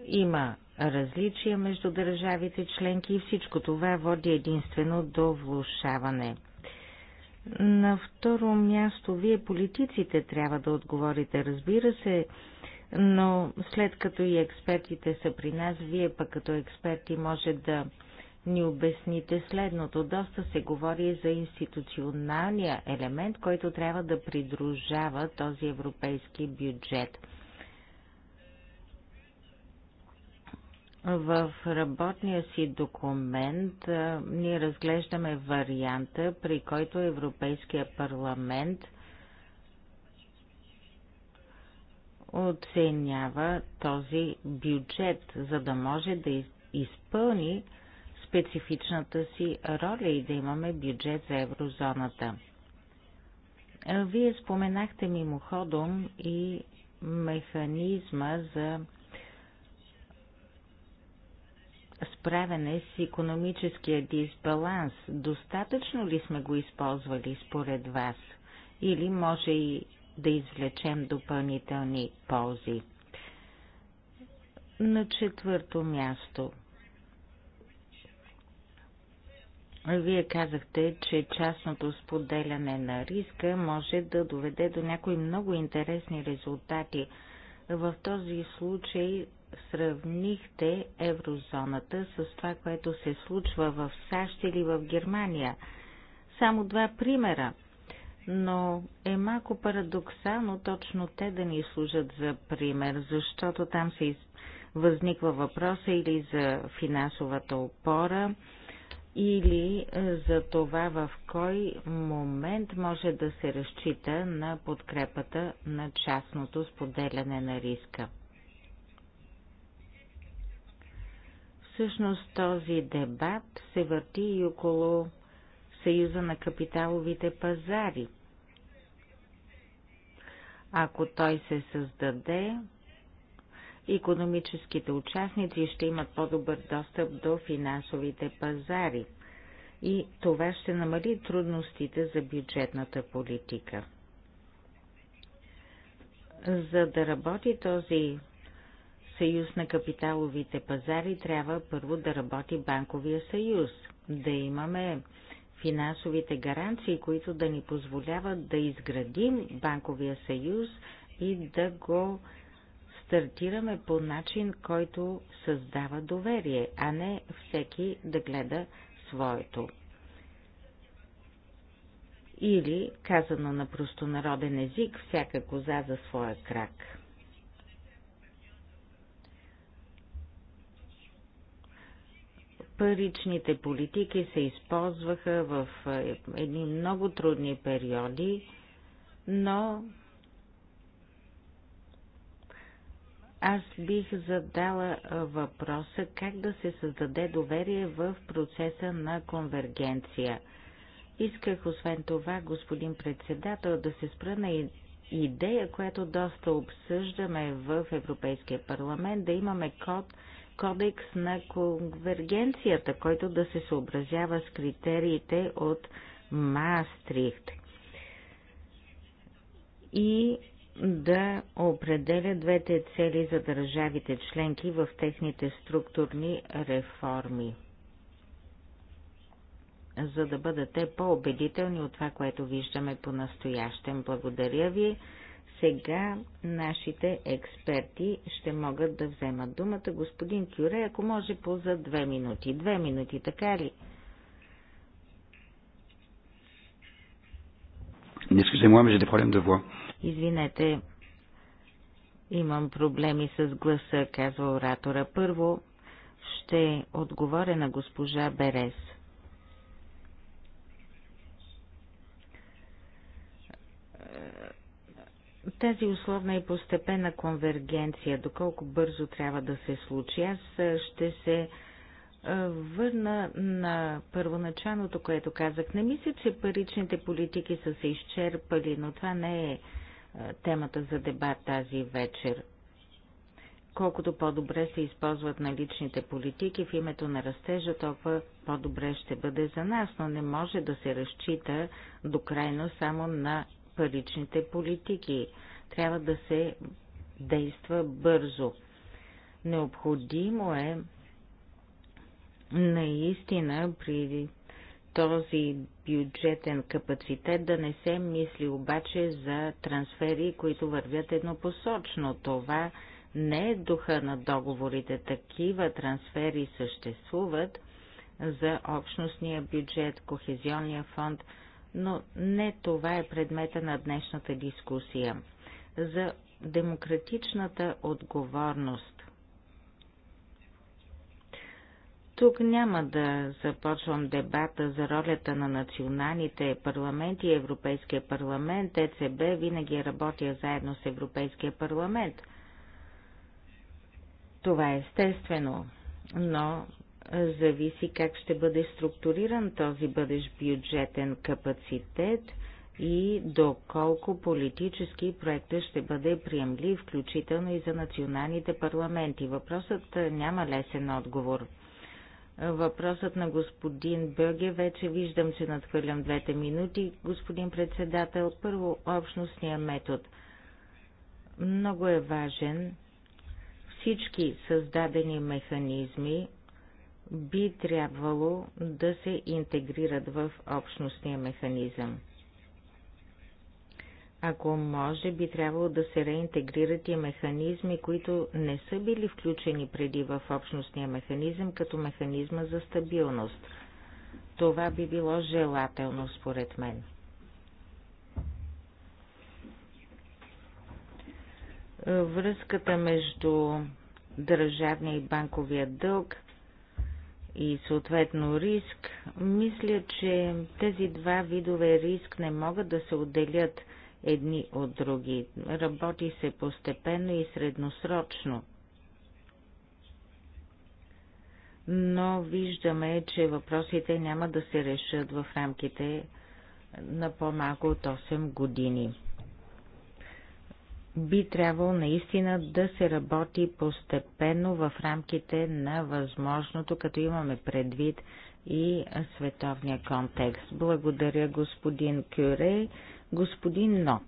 Има различия между държавите членки и всичко това води единствено до влушаване. На второ място, вие политиците трябва да отговорите, разбира се, но след като и експертите са при нас, вие пък като експерти може да ни обясните следното. Доста се говори за институционалния елемент, който трябва да придружава този европейски бюджет. В работния си документ ние разглеждаме варианта, при който Европейския парламент оценява този бюджет, за да може да изпълни специфичната си роля и да имаме бюджет за еврозоната. Вие споменахте мимоходом и механизма за справяне с економическия дисбаланс. Достатъчно ли сме го използвали според вас? Или може и да извлечем допълнителни ползи? На четвърто място – Вие казахте, че частното споделяне на риска може да доведе до някои много интересни резултати. В този случай сравнихте еврозоната с това, което се случва в САЩ или в Германия. Само два примера. Но е малко парадоксално точно те да ни служат за пример, защото там се възниква въпроса или за финансовата опора, или е, за това в кой момент може да се разчита на подкрепата на частното споделяне на риска. Всъщност този дебат се върти и около Съюза на капиталовите пазари. Ако той се създаде, Икономическите участници ще имат по-добър достъп до финансовите пазари и това ще намали трудностите за бюджетната политика. За да работи този съюз на капиталовите пазари, трябва първо да работи банковия съюз, да имаме финансовите гаранции, които да ни позволяват да изградим банковия съюз и да го стартираме по начин, който създава доверие, а не всеки да гледа своето. Или, казано на простонароден език, всяка коза за своя крак. Паричните политики се използваха в е, едни много трудни периоди, но Аз бих задала въпроса как да се създаде доверие в процеса на конвергенция. Исках освен това, господин председател, да се спра на идея, която доста обсъждаме в Европейския парламент, да имаме код, кодекс на конвергенцията, който да се съобразява с критериите от Маастрихт. И да определя двете цели за държавите членки в техните структурни реформи, за да бъдете по-убедителни от това, което виждаме по-настоящем. Благодаря ви. Сега нашите експерти ще могат да вземат думата. Господин Кюре, ако може по за две минути. Две минути, така ли? Excusez-moi, mais j'ai des problèmes de voix. Извинете, имам проблеми с гласа, казва оратора. Първо ще отговоря на госпожа Берес. Тази условна и постепенна конвергенция, доколко бързо трябва да се случи, аз ще се върна на първоначалното, което казах. Не мисля, че паричните политики са се изчерпали, но това не е е, темата за дебат тази вечер. Колкото по-добре се използват наличните политики в името на растежа, толкова по-добре ще бъде за нас, но не може да се разчита до крайно само на паричните политики. Трябва да се действа бързо. Необходимо е наистина при този бюджетен капацитет, да не се мисли обаче за трансфери, които вървят еднопосочно. Това не е духа на договорите. Такива трансфери съществуват за общностния бюджет, кохезионния фонд, но не това е предмета на днешната дискусия. За демократичната отговорност Тук няма да започвам дебата за ролята на националните парламенти и Европейския парламент. ЕЦБ винаги е заедно с Европейския парламент. Това е естествено, но зависи как ще бъде структуриран този бъдещ бюджетен капацитет и доколко политически проектът ще бъде приемлив, включително и за националните парламенти. Въпросът е, няма лесен отговор въпросът на господин Бълге. Вече виждам, че надхвърлям двете минути. Господин председател, първо общностния метод. Много е важен. Всички създадени механизми би трябвало да се интегрират в общностния механизъм. Ако може, би трябвало да се реинтегрират и механизми, които не са били включени преди в общностния механизъм, като механизма за стабилност. Това би било желателно, според мен. Връзката между държавния и банковия дълг и съответно риск, мисля, че тези два видове риск не могат да се отделят – едни от други. Работи се постепенно и средносрочно. Но виждаме, че въпросите няма да се решат в рамките на по-малко от 8 години. Би трябвало наистина да се работи постепенно в рамките на възможното, като имаме предвид и световния контекст. Благодаря господин Кюре господин Нот.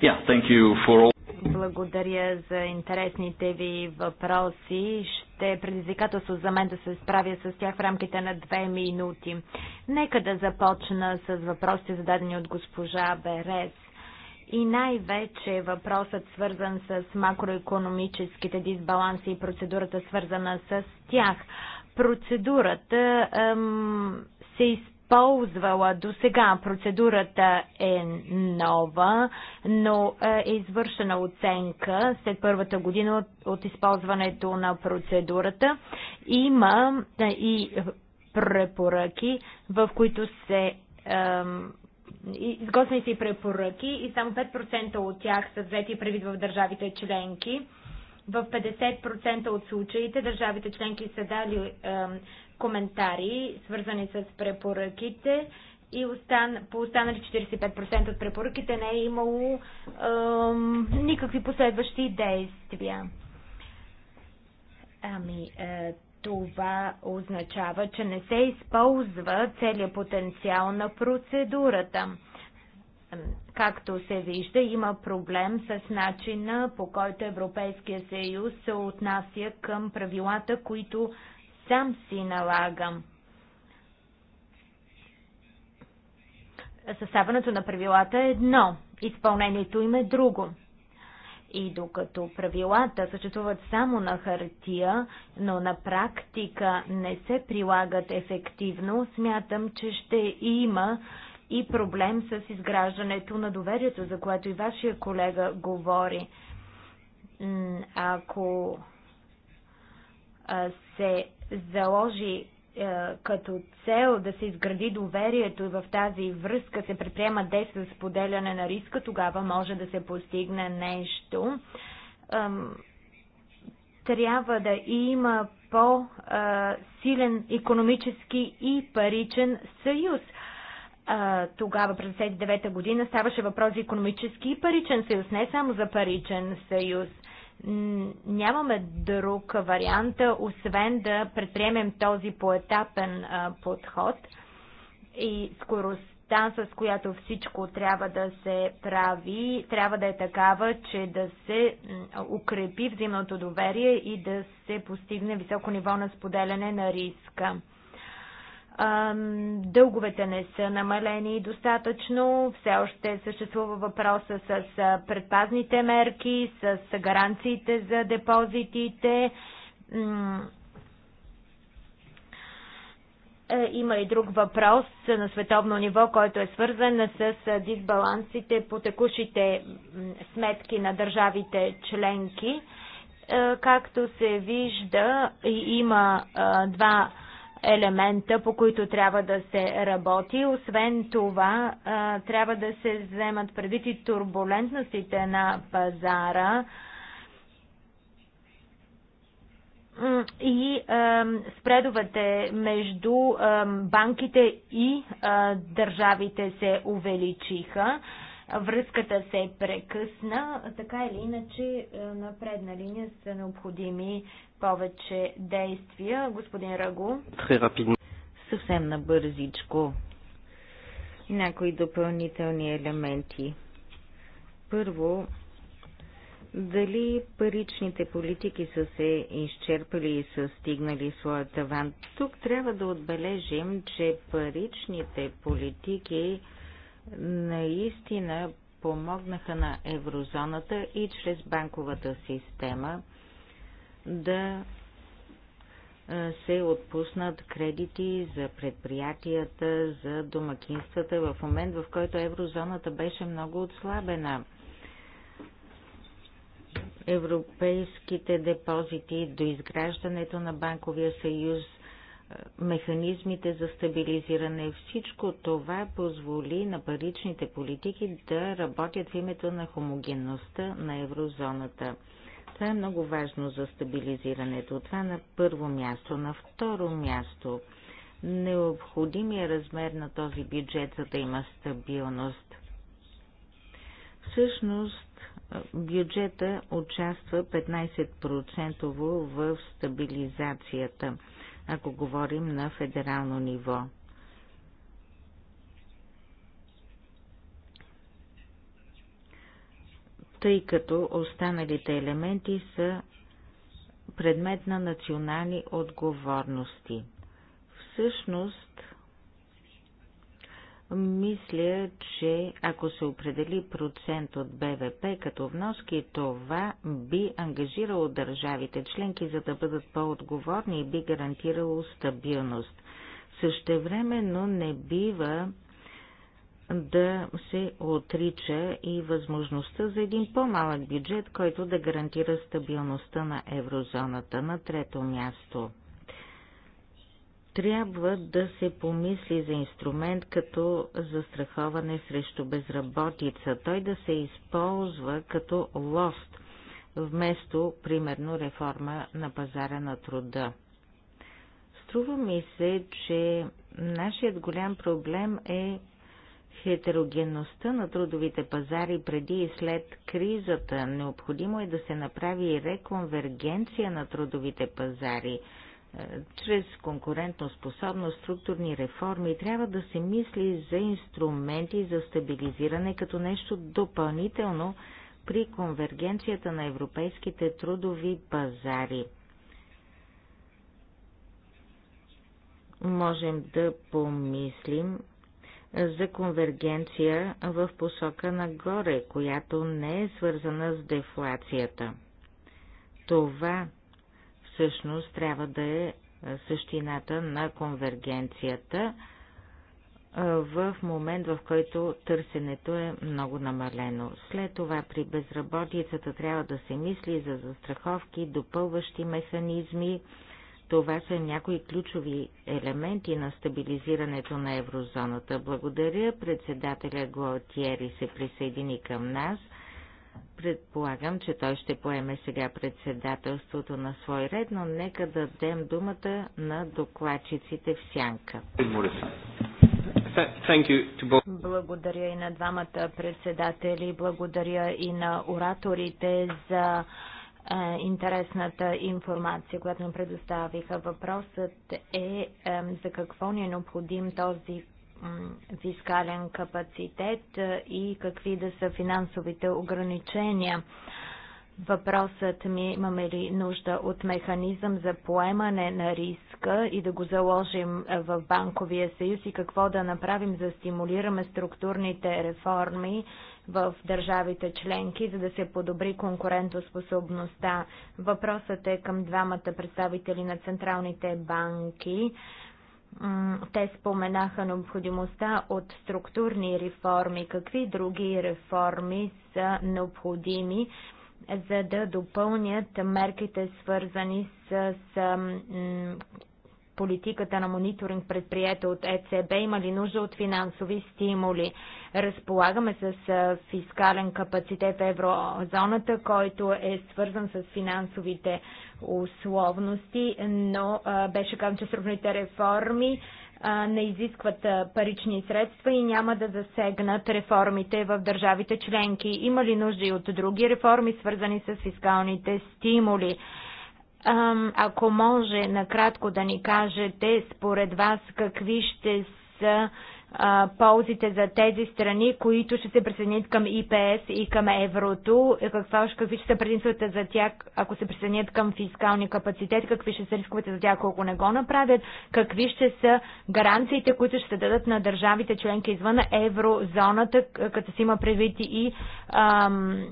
Yeah, thank you for all... Благодаря за интересните ви въпроси. Ще е предизвикателство за мен да се справя с тях в рамките на две минути. Нека да започна с въпросите зададени от госпожа Берес. И най-вече въпросът свързан с макроекономическите дисбаланси и процедурата свързана с тях. Процедурата ем, се изпълнява използвала до сега. Процедурата е нова, но е извършена оценка след първата година от, от използването на процедурата. Има е, и препоръки, в които се изготвени са и препоръки и само 5% от тях са взети предвид в държавите членки. В 50% от случаите държавите членки са дали е, коментари, свързани с препоръките и остан, по останали 45% от препоръките не е имало ем, никакви последващи действия. Ами, е, това означава, че не се използва целият потенциал на процедурата. Както се вижда, има проблем с начина по който Европейския съюз се отнася към правилата, които сам си налагам. Съставането на правилата е едно, изпълнението им е друго. И докато правилата съществуват само на хартия, но на практика не се прилагат ефективно, смятам, че ще има и проблем с изграждането на доверието, за което и вашия колега говори. Ако се заложи е, като цел да се изгради доверието и в тази връзка се предприема действия за споделяне на риска, тогава може да се постигне нещо. Трябва да има по-силен економически и паричен съюз. Тогава, през 1999 година, ставаше въпрос за економически и паричен съюз, не само за паричен съюз нямаме друг вариант, освен да предприемем този поетапен подход и скоростта, с която всичко трябва да се прави, трябва да е такава, че да се укрепи взаимното доверие и да се постигне високо ниво на споделяне на риска. Дълговете не са намалени достатъчно. Все още съществува въпроса с предпазните мерки, с гаранциите за депозитите. Е, има и друг въпрос на световно ниво, който е свързан с дисбалансите по текущите сметки на държавите членки. Е, както се вижда, има два елемента, по които трябва да се работи. Освен това, трябва да се вземат предвид и турбулентностите на пазара и спредовете между банките и държавите се увеличиха връзката се прекъсна. Така или иначе, е, на предна линия са необходими повече действия. Господин Рагу. Съвсем набързичко. Някои допълнителни елементи. Първо, дали паричните политики са се изчерпали и са стигнали своя таван? Тук трябва да отбележим, че паричните политики наистина помогнаха на еврозоната и чрез банковата система да се отпуснат кредити за предприятията, за домакинствата в момент, в който еврозоната беше много отслабена. Европейските депозити до изграждането на банковия съюз – механизмите за стабилизиране. Всичко това позволи на паричните политики да работят в името на хомогенността на еврозоната. Това е много важно за стабилизирането. Това на първо място. На второ място необходимия размер на този бюджет, за да има стабилност. Всъщност бюджета участва 15% в стабилизацията – ако говорим на федерално ниво. Тъй като останалите елементи са предмет на национални отговорности. Всъщност, мисля, че ако се определи процент от БВП като вноски, това би ангажирало държавите членки, за да бъдат по-отговорни и би гарантирало стабилност. Същевременно не бива да се отрича и възможността за един по-малък бюджет, който да гарантира стабилността на еврозоната на трето място трябва да се помисли за инструмент като застраховане срещу безработица. Той да се използва като лост, вместо, примерно, реформа на пазара на труда. Струва ми се, че нашият голям проблем е хетерогенността на трудовите пазари преди и след кризата. Необходимо е да се направи и реконвергенция на трудовите пазари – чрез способност, структурни реформи, трябва да се мисли за инструменти за стабилизиране като нещо допълнително при конвергенцията на европейските трудови пазари. Можем да помислим за конвергенция в посока нагоре, която не е свързана с дефлацията. Това всъщност трябва да е същината на конвергенцията в момент, в който търсенето е много намалено. След това при безработицата трябва да се мисли за застраховки, допълващи механизми. Това са някои ключови елементи на стабилизирането на еврозоната. Благодаря. Председателя Глотиери се присъедини към нас – Предполагам, че той ще поеме сега председателството на свой ред, но нека да дадем думата на докладчиците в сянка. Благодаря и на двамата председатели, благодаря и на ораторите за интересната информация, която ни предоставиха. Въпросът е за какво ни е необходим този фискален капацитет и какви да са финансовите ограничения. Въпросът ми е, имаме ли нужда от механизъм за поемане на риска и да го заложим в Банковия съюз и какво да направим за да стимулираме структурните реформи в държавите членки, за да се подобри конкурентоспособността. Въпросът е към двамата представители на централните банки. Те споменаха необходимостта от структурни реформи. Какви други реформи са необходими, за да допълнят мерките свързани с, с политиката на мониторинг предприета от ЕЦБ, има ли нужда от финансови стимули? Разполагаме с фискален капацитет в еврозоната, който е свързан с финансовите условности, но беше казано, че сравните реформи не изискват парични средства и няма да засегнат реформите в държавите членки. Има ли нужда и от други реформи, свързани с фискалните стимули? Ако може накратко да ни кажете според вас какви ще са ползите за тези страни, които ще се присъединят към ИПС и към еврото? Каква, какви ще са предимствата за тях, ако се присъединят към фискални капацитет? Какви ще са рисковете за тях, ако не го направят? Какви ще са гаранциите, които ще се дадат на държавите членки извън еврозоната, като си има предвид и ам,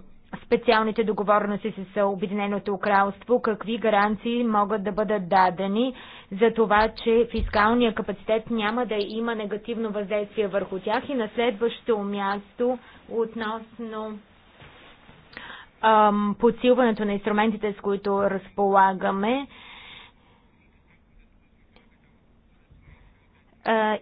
специалните договорности с Обединеното кралство, какви гаранции могат да бъдат дадени за това, че фискалния капацитет няма да има негативно въздействие върху тях и на следващо място относно подсилването на инструментите, с които разполагаме.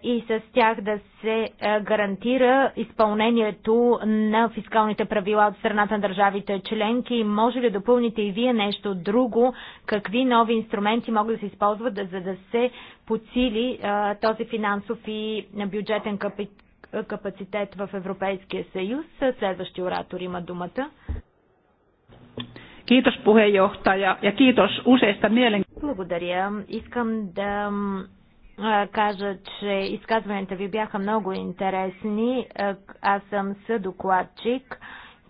и с тях да се гарантира изпълнението на фискалните правила от страната на държавите членки. Може ли допълните и вие нещо друго? Какви нови инструменти могат да се използват, за да се подсили този финансов и бюджетен капацитет в Европейския съюз? Следващи оратор има думата. Благодаря. Искам да кажа, че изказванията ви бяха много интересни. Аз съм съдокладчик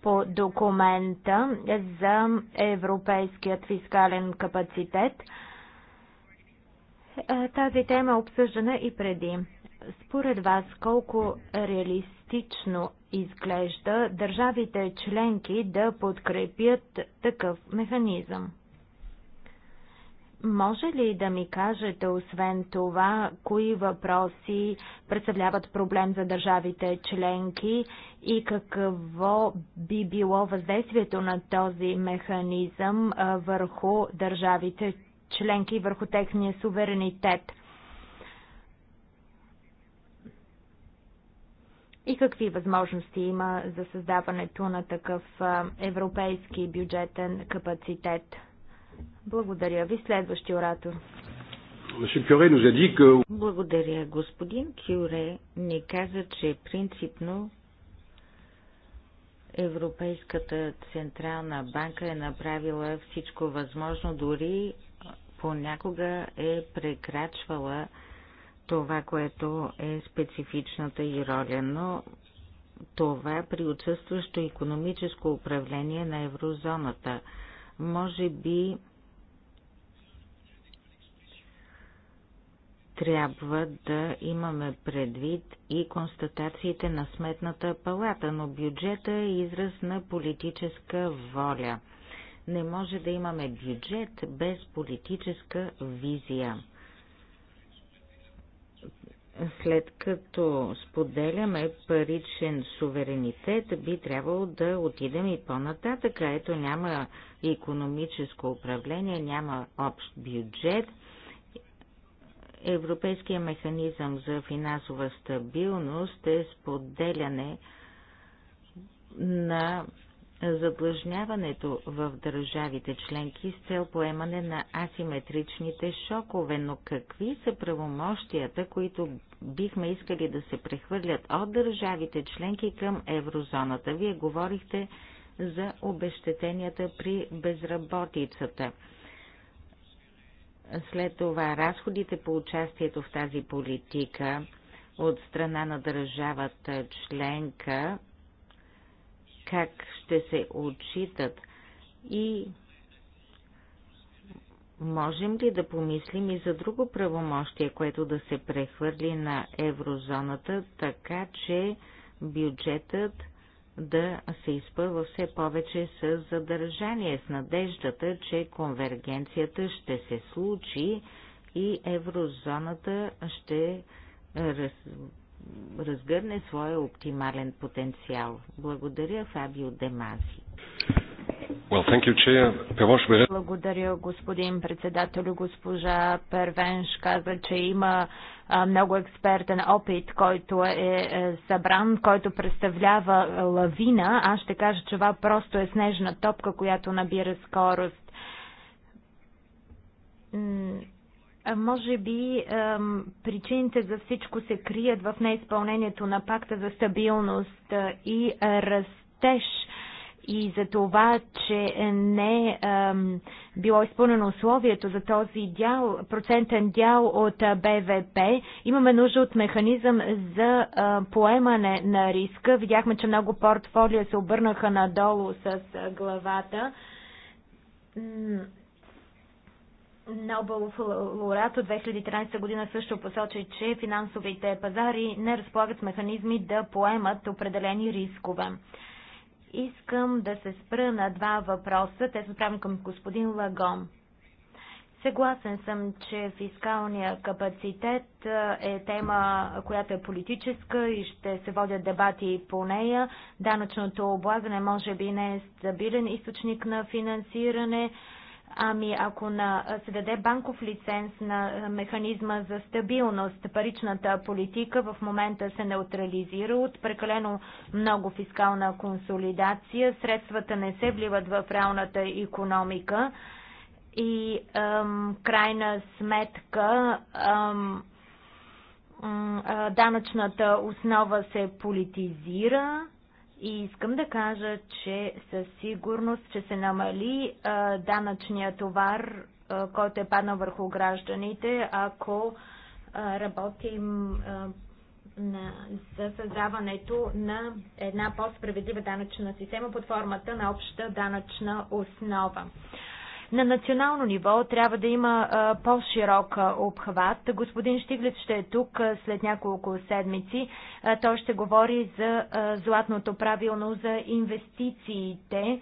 по документа за европейският фискален капацитет. Тази тема е обсъждана и преди. Според вас колко реалистично изглежда държавите членки да подкрепят такъв механизъм? Може ли да ми кажете, освен това, кои въпроси представляват проблем за държавите членки и какво би било въздействието на този механизъм върху държавите членки и върху техния суверенитет? И какви възможности има за създаването на такъв европейски бюджетен капацитет? Благодаря ви. Следващия оратор. Благодаря. Господин Кюре ни каза, че принципно Европейската централна банка е направила всичко възможно, дори понякога е прекрачвала това, което е специфичната и роля, но това при отсъстващо економическо управление на еврозоната. Може би трябва да имаме предвид и констатациите на Сметната палата, но бюджета е израз на политическа воля. Не може да имаме бюджет без политическа визия. След като споделяме паричен суверенитет, би трябвало да отидем и по-нататък. Ето няма економическо управление, няма общ бюджет – Европейския механизъм за финансова стабилност е споделяне на задлъжняването в държавите членки с цел поемане на асиметричните шокове, но какви са правомощията, които бихме искали да се прехвърлят от държавите членки към еврозоната? Вие говорихте за обещетенията при безработицата. След това разходите по участието в тази политика от страна на държавата членка, как ще се отчитат и можем ли да помислим и за друго правомощие, което да се прехвърли на еврозоната, така че бюджетът да се изпълва все повече с задържание, с надеждата, че конвергенцията ще се случи и еврозоната ще раз... разгърне своя оптимален потенциал. Благодаря, Фабио Демази. Благодаря, господин председател. Госпожа Первенш каза, че има много експертен опит, който е, е събран, който представлява лавина. Аз ще кажа, че това просто е снежна топка, която набира скорост. Може би причините за всичко се крият в неизпълнението на пакта за стабилност и растеж и за това, че не е било изпълнено условието за този дял, процентен дял от БВП. Имаме нужда от механизъм за поемане на риска. Видяхме, че много портфолия се обърнаха надолу с главата. Нобелов лауреат от 2013 година също посочи, че финансовите пазари не разполагат с механизми да поемат определени рискове. Искам да се спра на два въпроса. Те са правени към господин Лагом. Съгласен съм, че фискалния капацитет е, е тема, която е политическа и ще се водят дебати по нея. Данъчното облагане може би не е стабилен източник на финансиране. Ами ако на, се даде банков лиценз на механизма за стабилност, паричната политика в момента се неутрализира от прекалено много фискална консолидация, средствата не се вливат в реалната економика и ам, крайна сметка ам, данъчната основа се политизира и искам да кажа, че със сигурност, че се намали а, данъчния товар, а, който е паднал върху гражданите, ако а, работим а, на, за създаването на една по-справедлива данъчна система под формата на обща данъчна основа. На национално ниво трябва да има по-широк обхват. Господин Штиглиц ще е тук след няколко седмици. Той ще говори за златното правилно за инвестициите.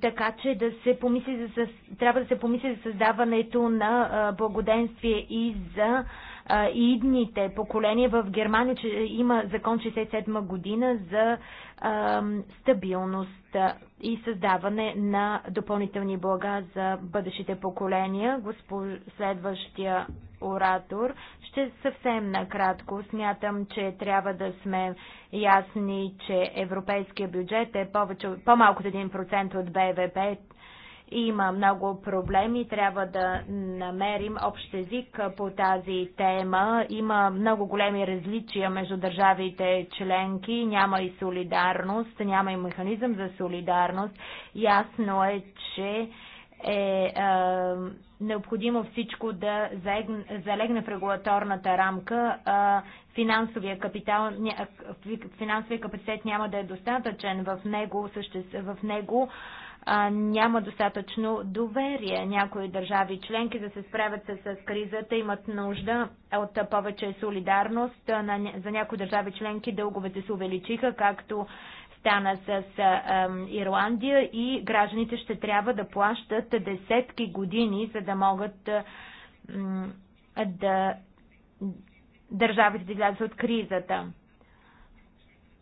така че да се помисли за, трябва да се помисли за създаването на благоденствие и за и идните поколения в Германия, че има закон 67 година за стабилност и създаване на допълнителни блага за бъдещите поколения. Госпож... Следващия оратор. Ще съвсем накратко смятам, че трябва да сме ясни, че европейския бюджет е повече, по-малко от 1% от БВП има много проблеми, трябва да намерим общ език по тази тема. Има много големи различия между държавите членки, няма и солидарност, няма и механизъм за солидарност. Ясно е, че е, е необходимо всичко да залегне в регулаторната рамка. Е, финансовия, капитал, финансовия капацитет няма да е достатъчен в него, Съществ, в него няма достатъчно доверие. Някои държави членки да се справят с, кризата имат нужда от повече солидарност. за някои държави членки дълговете се увеличиха, както стана с Ирландия и гражданите ще трябва да плащат десетки години, за да могат да държавите да излязат от кризата.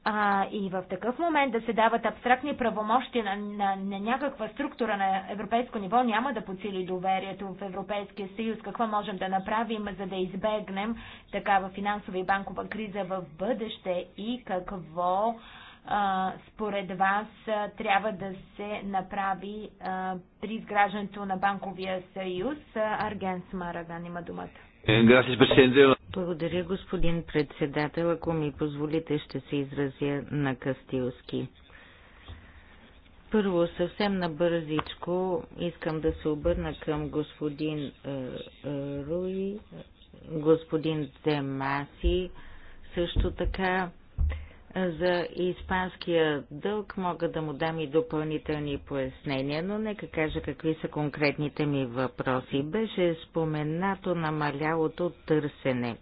А, и в такъв момент да се дават абстрактни правомощи на, на, на някаква структура на европейско ниво няма да подсили доверието в Европейския съюз. Какво можем да направим, за да избегнем такава финансова и банкова криза в бъдеще и какво а, според вас трябва да се направи а, при изграждането на банковия съюз? Арген Смараган има думата. Gracias, е, благодаря, господин председател. Ако ми позволите, ще се изразя на Кастилски. Първо, съвсем набързичко искам да се обърна към господин е, е, Руи, господин Демаси, също така е, за испанския дълг мога да му дам и допълнителни пояснения, но нека кажа какви са конкретните ми въпроси. Беше споменато намалялото търсене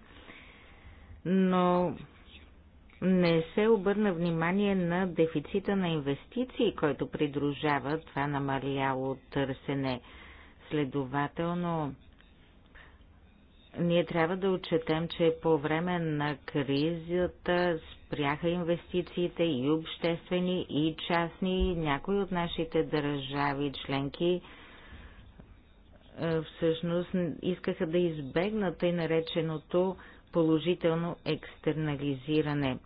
но не се обърна внимание на дефицита на инвестиции, който придружава това намаляло търсене. Следователно, ние трябва да отчетем, че по време на кризата спряха инвестициите и обществени, и частни. Някои от нашите държави членки е, всъщност искаха да избегнат и нареченото положително екстернализиране.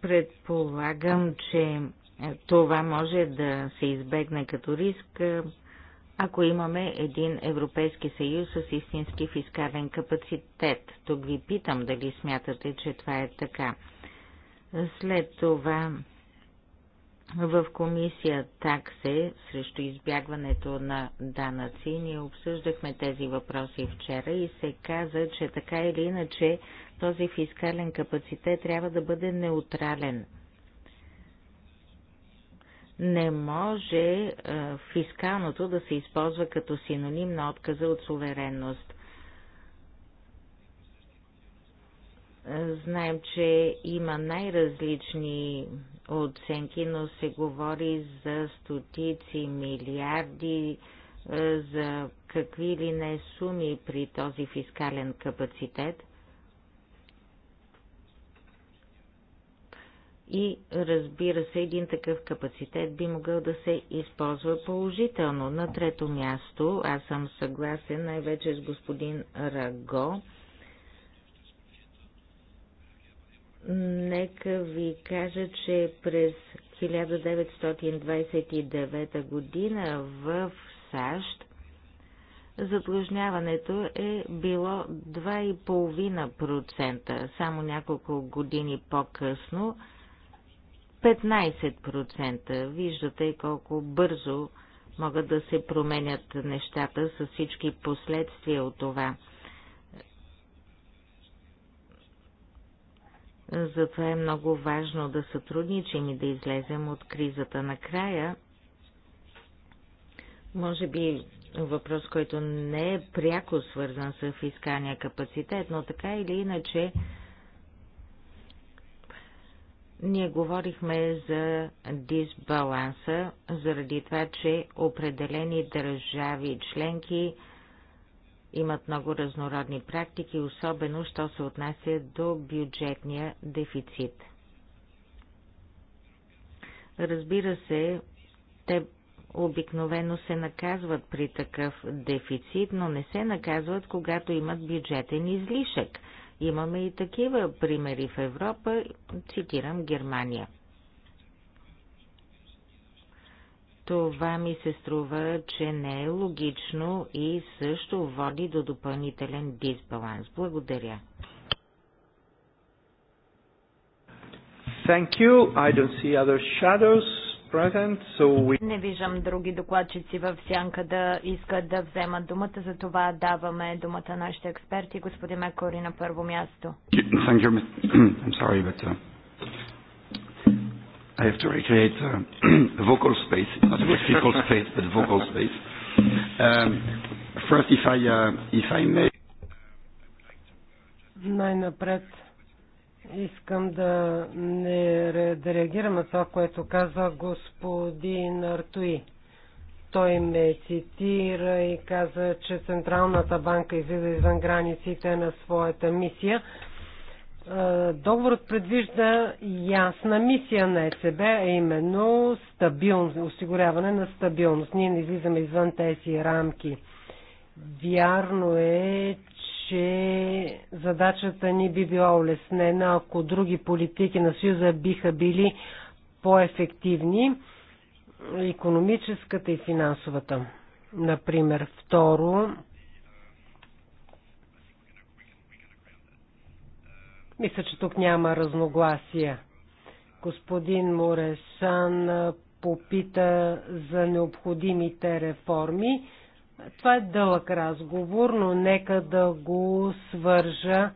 Предполагам, че това може да се избегне като риск, ако имаме един Европейски съюз с истински фискален капацитет. Тук ви питам дали смятате, че това е така. След това в комисия таксе срещу избягването на данъци ние обсъждахме тези въпроси вчера и се каза, че така или иначе този фискален капацитет трябва да бъде неутрален. Не може е, фискалното да се използва като синоним на отказа от суверенност. Знаем, че има най-различни оценки, но се говори за стотици милиарди, е, за какви ли не суми при този фискален капацитет. И разбира се, един такъв капацитет би могъл да се използва положително. На трето място, аз съм съгласен най-вече с господин Раго, Нека ви кажа, че през 1929 година в САЩ задлъжняването е било 2,5%, само няколко години по-късно 15%. Виждате колко бързо могат да се променят нещата с всички последствия от това. Затова е много важно да сътрудничим и да излезем от кризата. Накрая, може би въпрос, който не е пряко свързан с фискалния капацитет, но така или иначе ние говорихме за дисбаланса, заради това, че определени държави членки – имат много разнородни практики, особено що се отнася до бюджетния дефицит. Разбира се, те обикновено се наказват при такъв дефицит, но не се наказват, когато имат бюджетен излишък. Имаме и такива примери в Европа, цитирам Германия – Това ми се струва, че не е логично и също води до допълнителен дисбаланс. Благодаря. Thank you. I don't see other shadows present, so we... Не виждам други докладчици в сянка да искат да вземат думата, за това даваме думата нашите експерти, господин Мекори на първо място. Thank you. I'm sorry, but, uh... I have to recreate uh, vocal space, not physical space, but vocal space. Um, first, if I, uh, if I may. Най-напред искам да, не, ре, да реагирам на това, което каза господин Артуи. Той ме цитира и каза, че Централната банка излиза извън границите на своята мисия е, договорът предвижда ясна мисия на ЕЦБ, а именно стабилност, осигуряване на стабилност. Ние не излизаме извън тези рамки. Вярно е, че задачата ни би била улеснена, ако други политики на Съюза биха били по-ефективни, економическата и финансовата. Например, второ, Мисля, че тук няма разногласия. Господин Моресан попита за необходимите реформи. Това е дълъг разговор, но нека да го свържа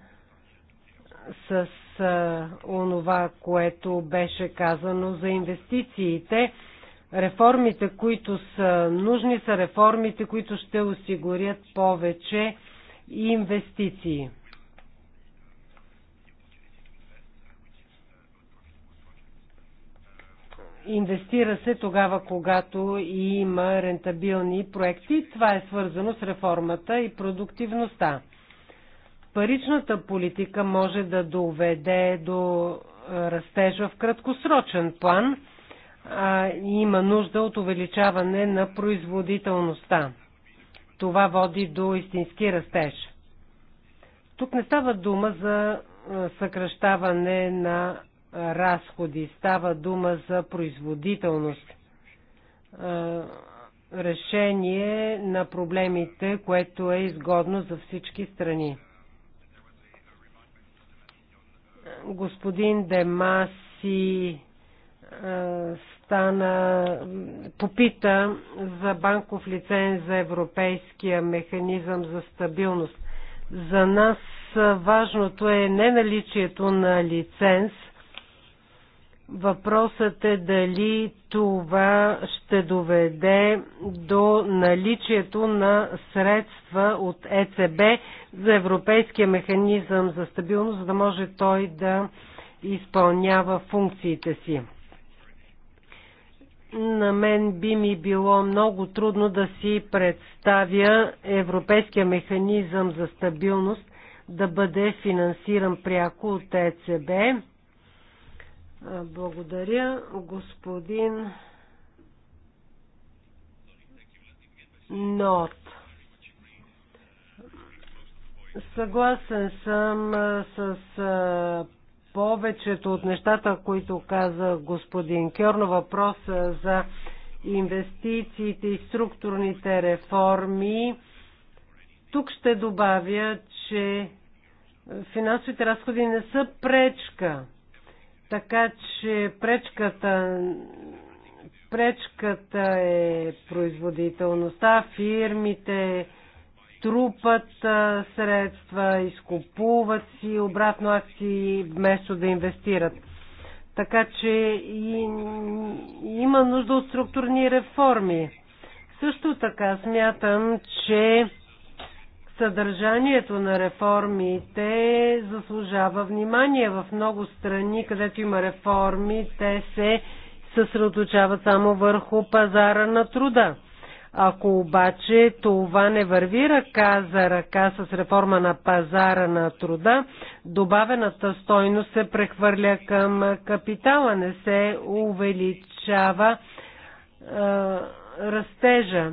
с а, онова, което беше казано за инвестициите. Реформите, които са нужни, са реформите, които ще осигурят повече инвестиции. Инвестира се тогава, когато има рентабилни проекти. Това е свързано с реформата и продуктивността. Паричната политика може да доведе до е, растеж в краткосрочен план. А, има нужда от увеличаване на производителността. Това води до истински растеж. Тук не става дума за е, съкръщаване на разходи. Става дума за производителност. Решение на проблемите, което е изгодно за всички страни. Господин Демаси стана, попита за банков лиценз за европейския механизъм за стабилност. За нас важното е не наличието на лиценз, Въпросът е дали това ще доведе до наличието на средства от ЕЦБ за Европейския механизъм за стабилност, за да може той да изпълнява функциите си. На мен би ми било много трудно да си представя Европейския механизъм за стабилност да бъде финансиран пряко от ЕЦБ благодаря, господин Нот. Съгласен съм с повечето от нещата, които каза господин Кьорно. Въпроса за инвестициите и структурните реформи. Тук ще добавя, че финансовите разходи не са пречка така че пречката, пречката е производителността, фирмите трупат средства, изкупуват си обратно акции, вместо да инвестират. Така че и, има нужда от структурни реформи. Също така смятам, че Съдържанието на реформите заслужава внимание. В много страни, където има реформи, те се съсредоточават само върху пазара на труда. Ако обаче това не върви ръка за ръка с реформа на пазара на труда, добавената стойност се прехвърля към капитала, не се увеличава растежа.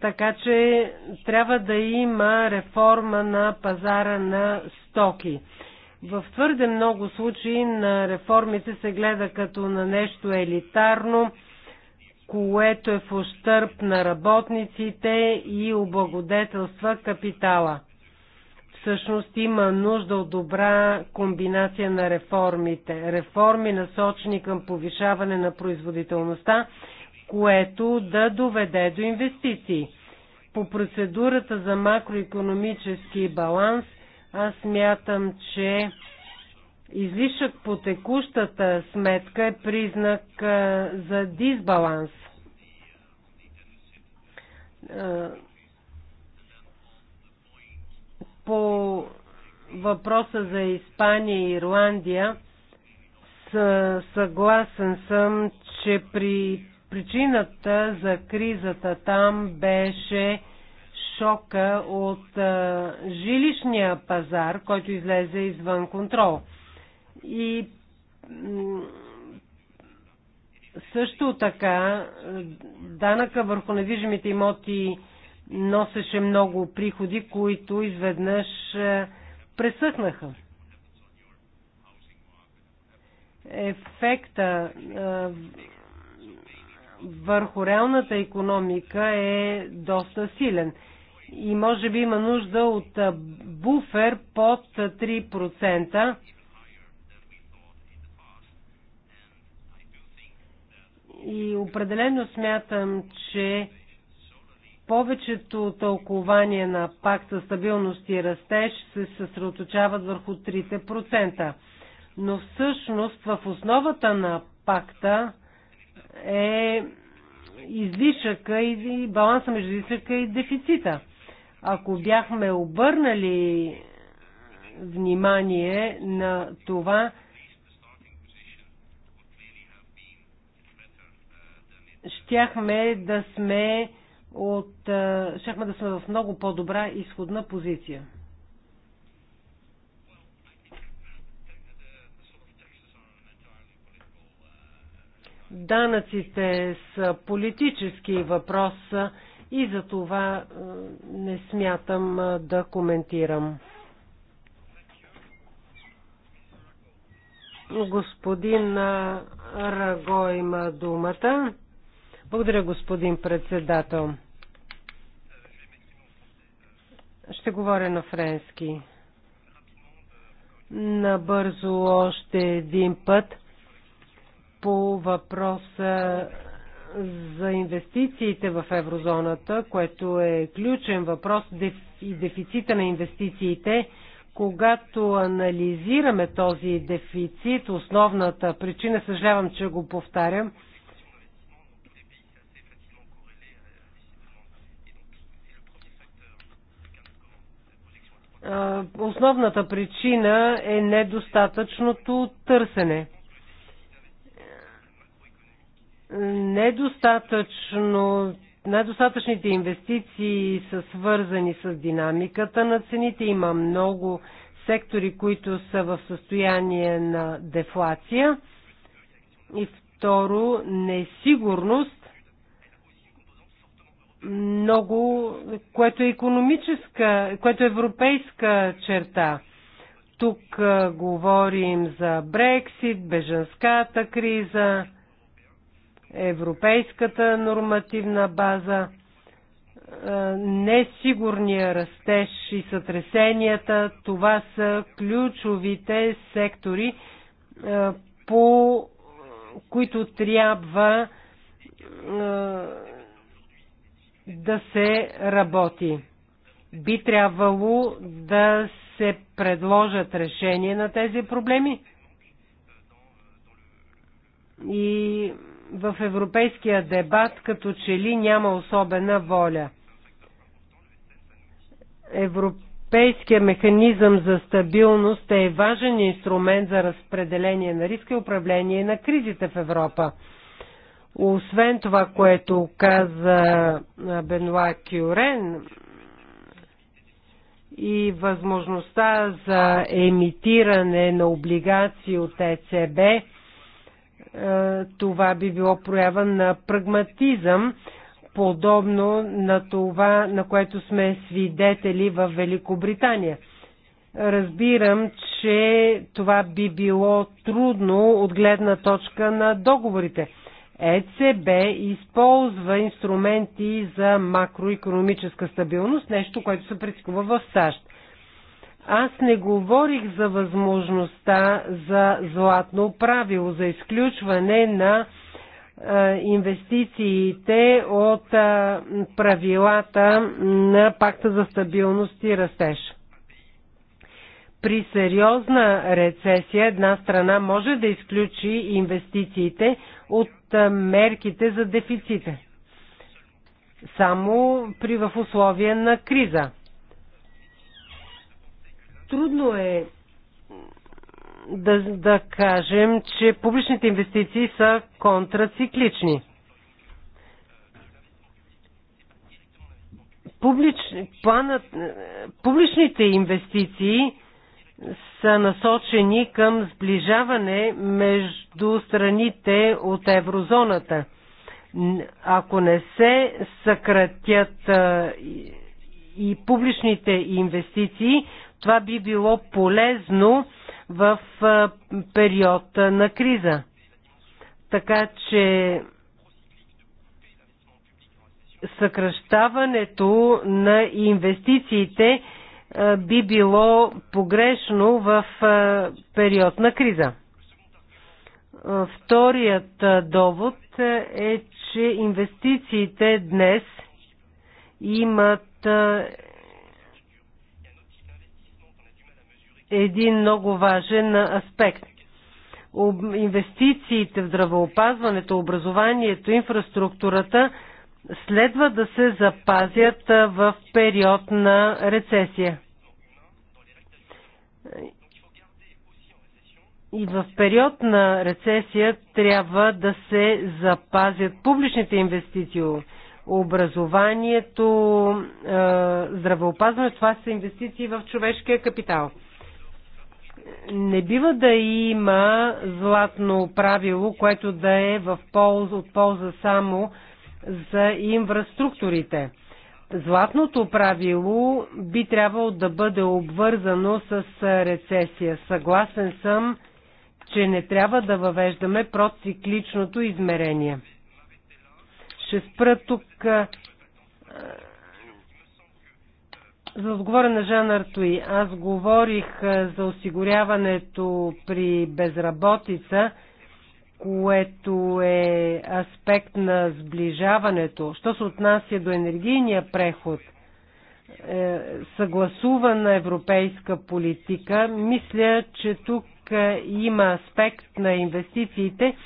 Така че трябва да има реформа на пазара на стоки. В твърде много случаи на реформите се гледа като на нещо елитарно, което е в ущърп на работниците и облагодетелства капитала. Всъщност има нужда от добра комбинация на реформите. Реформи насочени към повишаване на производителността което да доведе до инвестиции. По процедурата за макроекономически баланс аз мятам, че излишък по текущата сметка е признак за дисбаланс. По въпроса за Испания и Ирландия, съгласен съм, че при Причината за кризата там беше шока от жилищния пазар, който излезе извън контрол. И също така данъка върху недвижимите имоти носеше много приходи, които изведнъж пресъхнаха. Ефекта върху реалната економика е доста силен. И може би има нужда от буфер под 3%. И определено смятам, че повечето тълкования на пакта, стабилност и растеж се съсредоточават върху 3%. Но всъщност в основата на пакта е излишъка и баланса между излишъка и дефицита. Ако бяхме обърнали внимание на това, щяхме да сме от, щяхме да сме в много по-добра изходна позиция. Данъците са политически въпрос и за това е, не смятам е, да коментирам. Господин е, Раго има думата. Благодаря, господин председател. Ще говоря на френски. Набързо още един път – по въпроса за инвестициите в еврозоната, което е ключен въпрос и дефицита на инвестициите. Когато анализираме този дефицит, основната причина, съжалявам, че го повтарям, основната причина е недостатъчното търсене недостатъчно недостатъчните инвестиции са свързани с динамиката на цените. Има много сектори, които са в състояние на дефлация. И второ, несигурност, много, което е економическа, което е европейска черта. Тук говорим за Брексит, беженската криза, европейската нормативна база, е, несигурния растеж и сътресенията, това са ключовите сектори, е, по които трябва е, да се работи. Би трябвало да се предложат решения на тези проблеми и в европейския дебат като че ли няма особена воля. Европейския механизъм за стабилност е важен инструмент за разпределение на риска и управление на кризите в Европа. Освен това, което каза Бенуа Кюрен и възможността за емитиране на облигации от ЕЦБ, това би било проява на прагматизъм, подобно на това, на което сме свидетели в Великобритания. Разбирам, че това би било трудно от гледна точка на договорите. ЕЦБ използва инструменти за макроекономическа стабилност, нещо, което се практикува в САЩ. Аз не говорих за възможността за златно правило, за изключване на инвестициите от правилата на пакта за стабилност и растеж. При сериозна рецесия една страна може да изключи инвестициите от мерките за дефиците. Само при в условия на криза. Трудно е да, да кажем, че публичните инвестиции са контрациклични. Публич, планът, публичните инвестиции са насочени към сближаване между страните от еврозоната. Ако не се съкратят и публичните инвестиции, това би било полезно в период на криза. Така че съкръщаването на инвестициите би било погрешно в период на криза. Вторият довод е, че инвестициите днес имат един много важен аспект. Инвестициите в здравеопазването, образованието, инфраструктурата следва да се запазят в период на рецесия. И в период на рецесия трябва да се запазят публичните инвестиции. Образованието, здравеопазването, това са инвестиции в човешкия капитал не бива да има златно правило, което да е в полза, от полза само за инфраструктурите. Златното правило би трябвало да бъде обвързано с рецесия. Съгласен съм, че не трябва да въвеждаме процикличното измерение. Ще спра тук за отговора на Жан Артуи, аз говорих за осигуряването при безработица, което е аспект на сближаването. Що се отнася до енергийния преход, е, съгласувана европейска политика, мисля, че тук е, има аспект на инвестициите,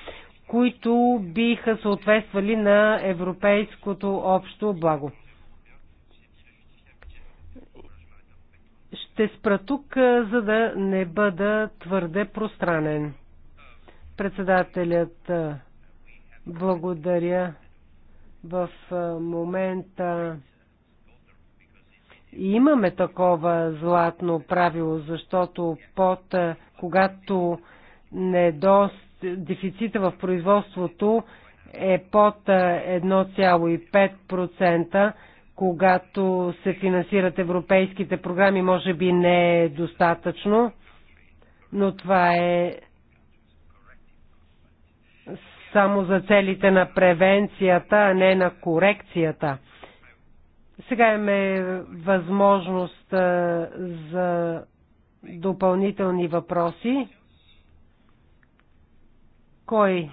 които биха съответствали на европейското общо благо. Ще спра тук, за да не бъда твърде пространен. Председателят, благодаря. В момента имаме такова златно правило, защото под, когато недост, дефицита в производството е под 1,5%, когато се финансират европейските програми, може би не е достатъчно, но това е само за целите на превенцията, а не на корекцията. Сега имаме възможност за допълнителни въпроси. Кой?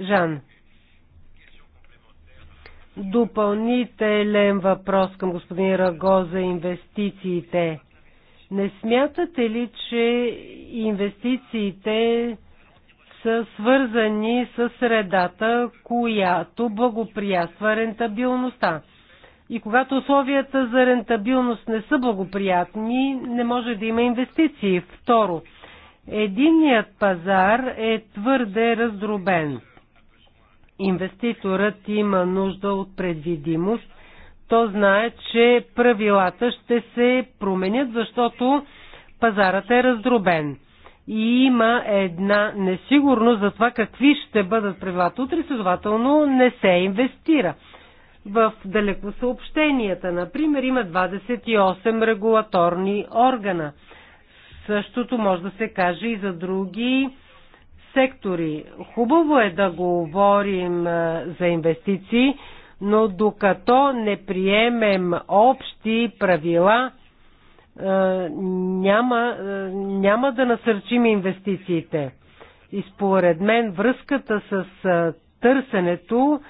Жан. Допълнителен въпрос към господин Раго за инвестициите. Не смятате ли, че инвестициите са свързани с средата, която благоприятства рентабилността? И когато условията за рентабилност не са благоприятни, не може да има инвестиции. Второ, единният пазар е твърде раздробен инвеститорът има нужда от предвидимост. То знае, че правилата ще се променят, защото пазарът е раздробен. И има една несигурност за това какви ще бъдат правилата утре, следователно не се инвестира. В далекосъобщенията, например, има 28 регулаторни органа. Същото може да се каже и за други сектори. Хубаво е да говорим е, за инвестиции, но докато не приемем общи правила, е, няма, е, няма да насърчим инвестициите. И според мен връзката с търсенето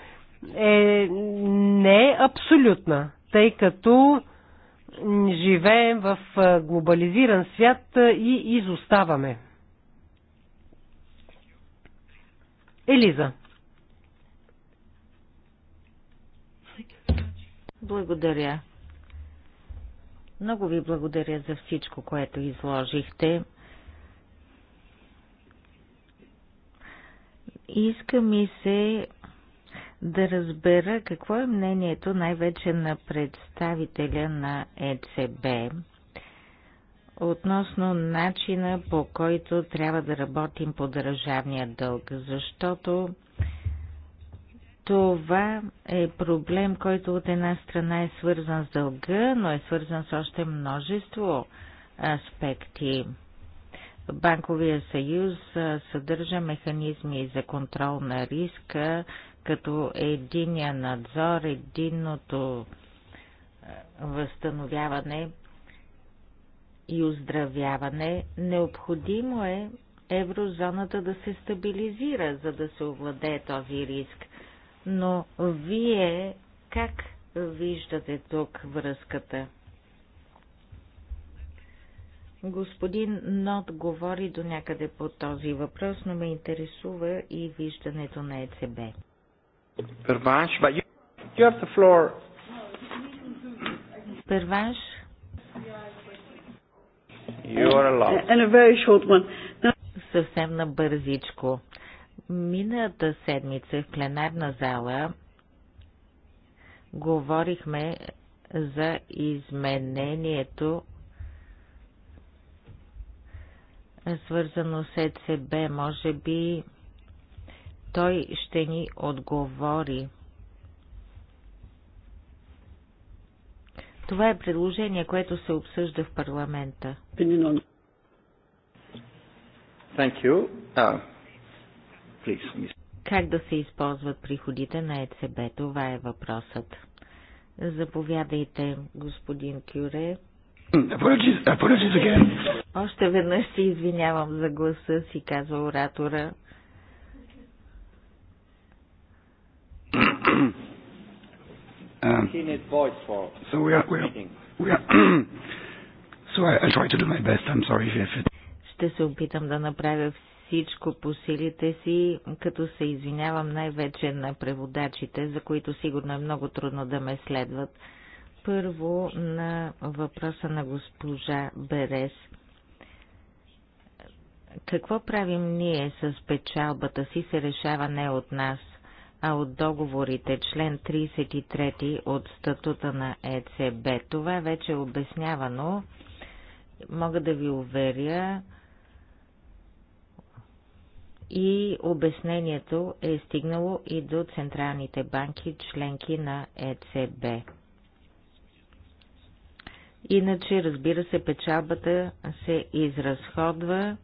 е не е абсолютна, тъй като живеем в глобализиран свят и изоставаме. Елиза. Благодаря. Много ви благодаря за всичко, което изложихте. Иска ми се да разбера какво е мнението най-вече на представителя на ЕЦБ относно начина по който трябва да работим по държавния дълг, защото това е проблем, който от една страна е свързан с дълга, но е свързан с още множество аспекти. Банковия съюз съдържа механизми за контрол на риска, като единия надзор, единното възстановяване и оздравяване, необходимо е еврозоната да се стабилизира, за да се овладее този риск. Но вие как виждате тук връзката? Господин Нот говори до някъде по този въпрос, но ме интересува и виждането на ЕЦБ. Перванш, you have the floor. Перванш? Съвсем набързичко. Миналата седмица в пленарна зала говорихме за изменението свързано с ЕЦБ. Може би той ще ни отговори Това е предложение, което се обсъжда в парламента. Thank you. Uh, please, как да се използват приходите на ЕЦБ? Това е въпросът. Заповядайте, господин Кюре. Apologies, apologies again. Още веднъж се извинявам за гласа си, казва оратора. Ще се опитам да направя всичко по силите си, като се извинявам най-вече на преводачите, за които сигурно е много трудно да ме следват. Първо на въпроса на госпожа Берес. Какво правим ние с печалбата си се решава не от нас а от договорите, член 33 от статута на ЕЦБ. Това е вече е обяснявано. Мога да ви уверя, и обяснението е стигнало и до централните банки, членки на ЕЦБ. Иначе, разбира се, печалбата се изразходва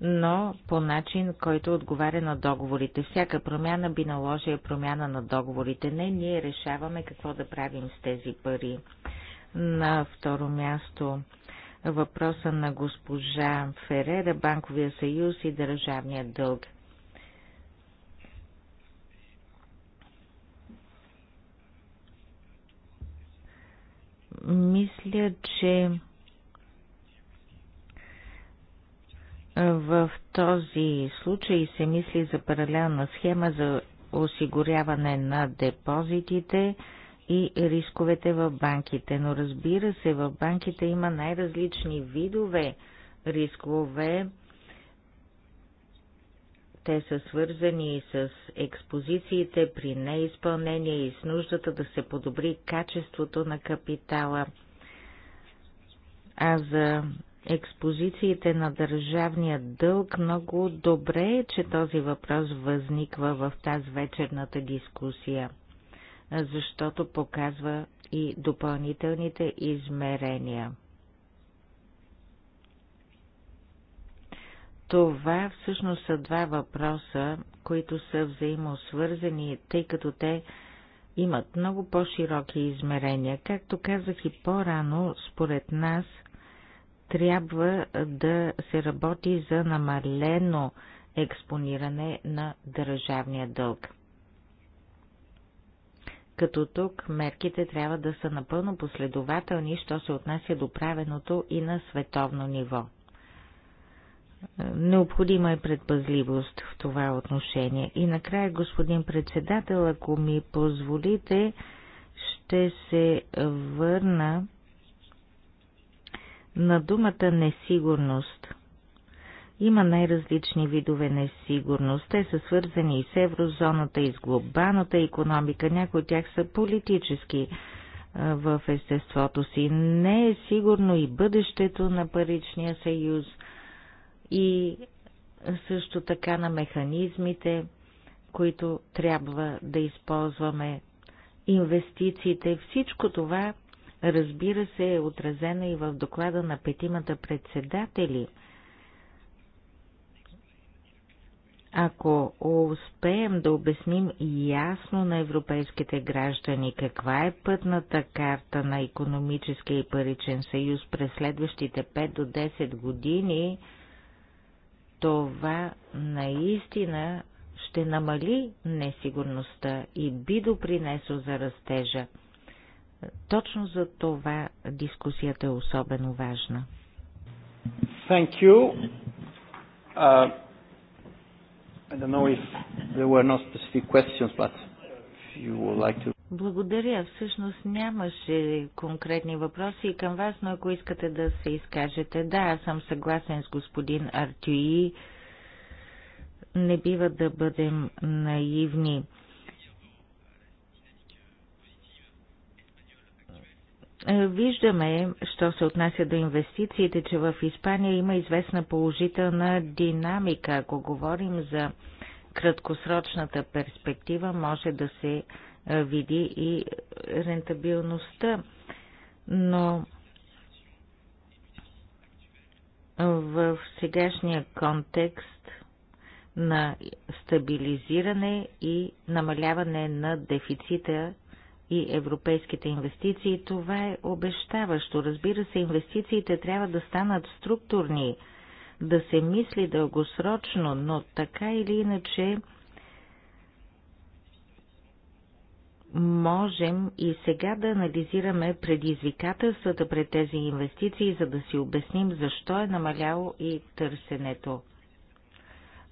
но по начин, който отговаря на договорите. Всяка промяна би наложила промяна на договорите. Не, ние решаваме какво да правим с тези пари. На второ място въпроса на госпожа Ферера, Банковия съюз и държавния дълг. Мисля, че В този случай се мисли за паралелна схема за осигуряване на депозитите и рисковете в банките. Но разбира се, в банките има най-различни видове рискове. Те са свързани и с експозициите при неизпълнение и с нуждата да се подобри качеството на капитала. А за експозициите на държавния дълг, много добре е, че този въпрос възниква в тази вечерната дискусия, защото показва и допълнителните измерения. Това всъщност са два въпроса, които са взаимосвързани, тъй като те имат много по-широки измерения. Както казах и по-рано, според нас – трябва да се работи за намалено експониране на държавния дълг. Като тук мерките трябва да са напълно последователни, що се отнася до правеното и на световно ниво. Необходима е предпазливост в това отношение. И накрая, господин председател, ако ми позволите, ще се върна на думата несигурност. Има най-различни видове несигурност. Те са свързани и с еврозоната, и с глобалната економика. Някои от тях са политически в естеството си. Не е сигурно и бъдещето на паричния съюз и също така на механизмите, които трябва да използваме, инвестициите. Всичко това разбира се, е отразена и в доклада на петимата председатели. Ако успеем да обясним ясно на европейските граждани каква е пътната карта на економическия и паричен съюз през следващите 5 до 10 години, това наистина ще намали несигурността и би допринесло за растежа. Точно за това дискусията е особено важна. Thank you. Uh, I don't know if there were no specific questions, but if you would like to... Благодаря. Всъщност нямаше конкретни въпроси към вас, но ако искате да се изкажете, да, аз съм съгласен с господин Артюи. Не бива да бъдем наивни. Е, виждаме, що се отнася до инвестициите, че в Испания има известна положителна динамика. Ако говорим за краткосрочната перспектива, може да се е, види и рентабилността. Но в сегашния контекст на стабилизиране и намаляване на дефицита и европейските инвестиции. Това е обещаващо. Разбира се, инвестициите трябва да станат структурни, да се мисли дългосрочно, но така или иначе можем и сега да анализираме предизвикателствата пред тези инвестиции, за да си обясним защо е намаляло и търсенето.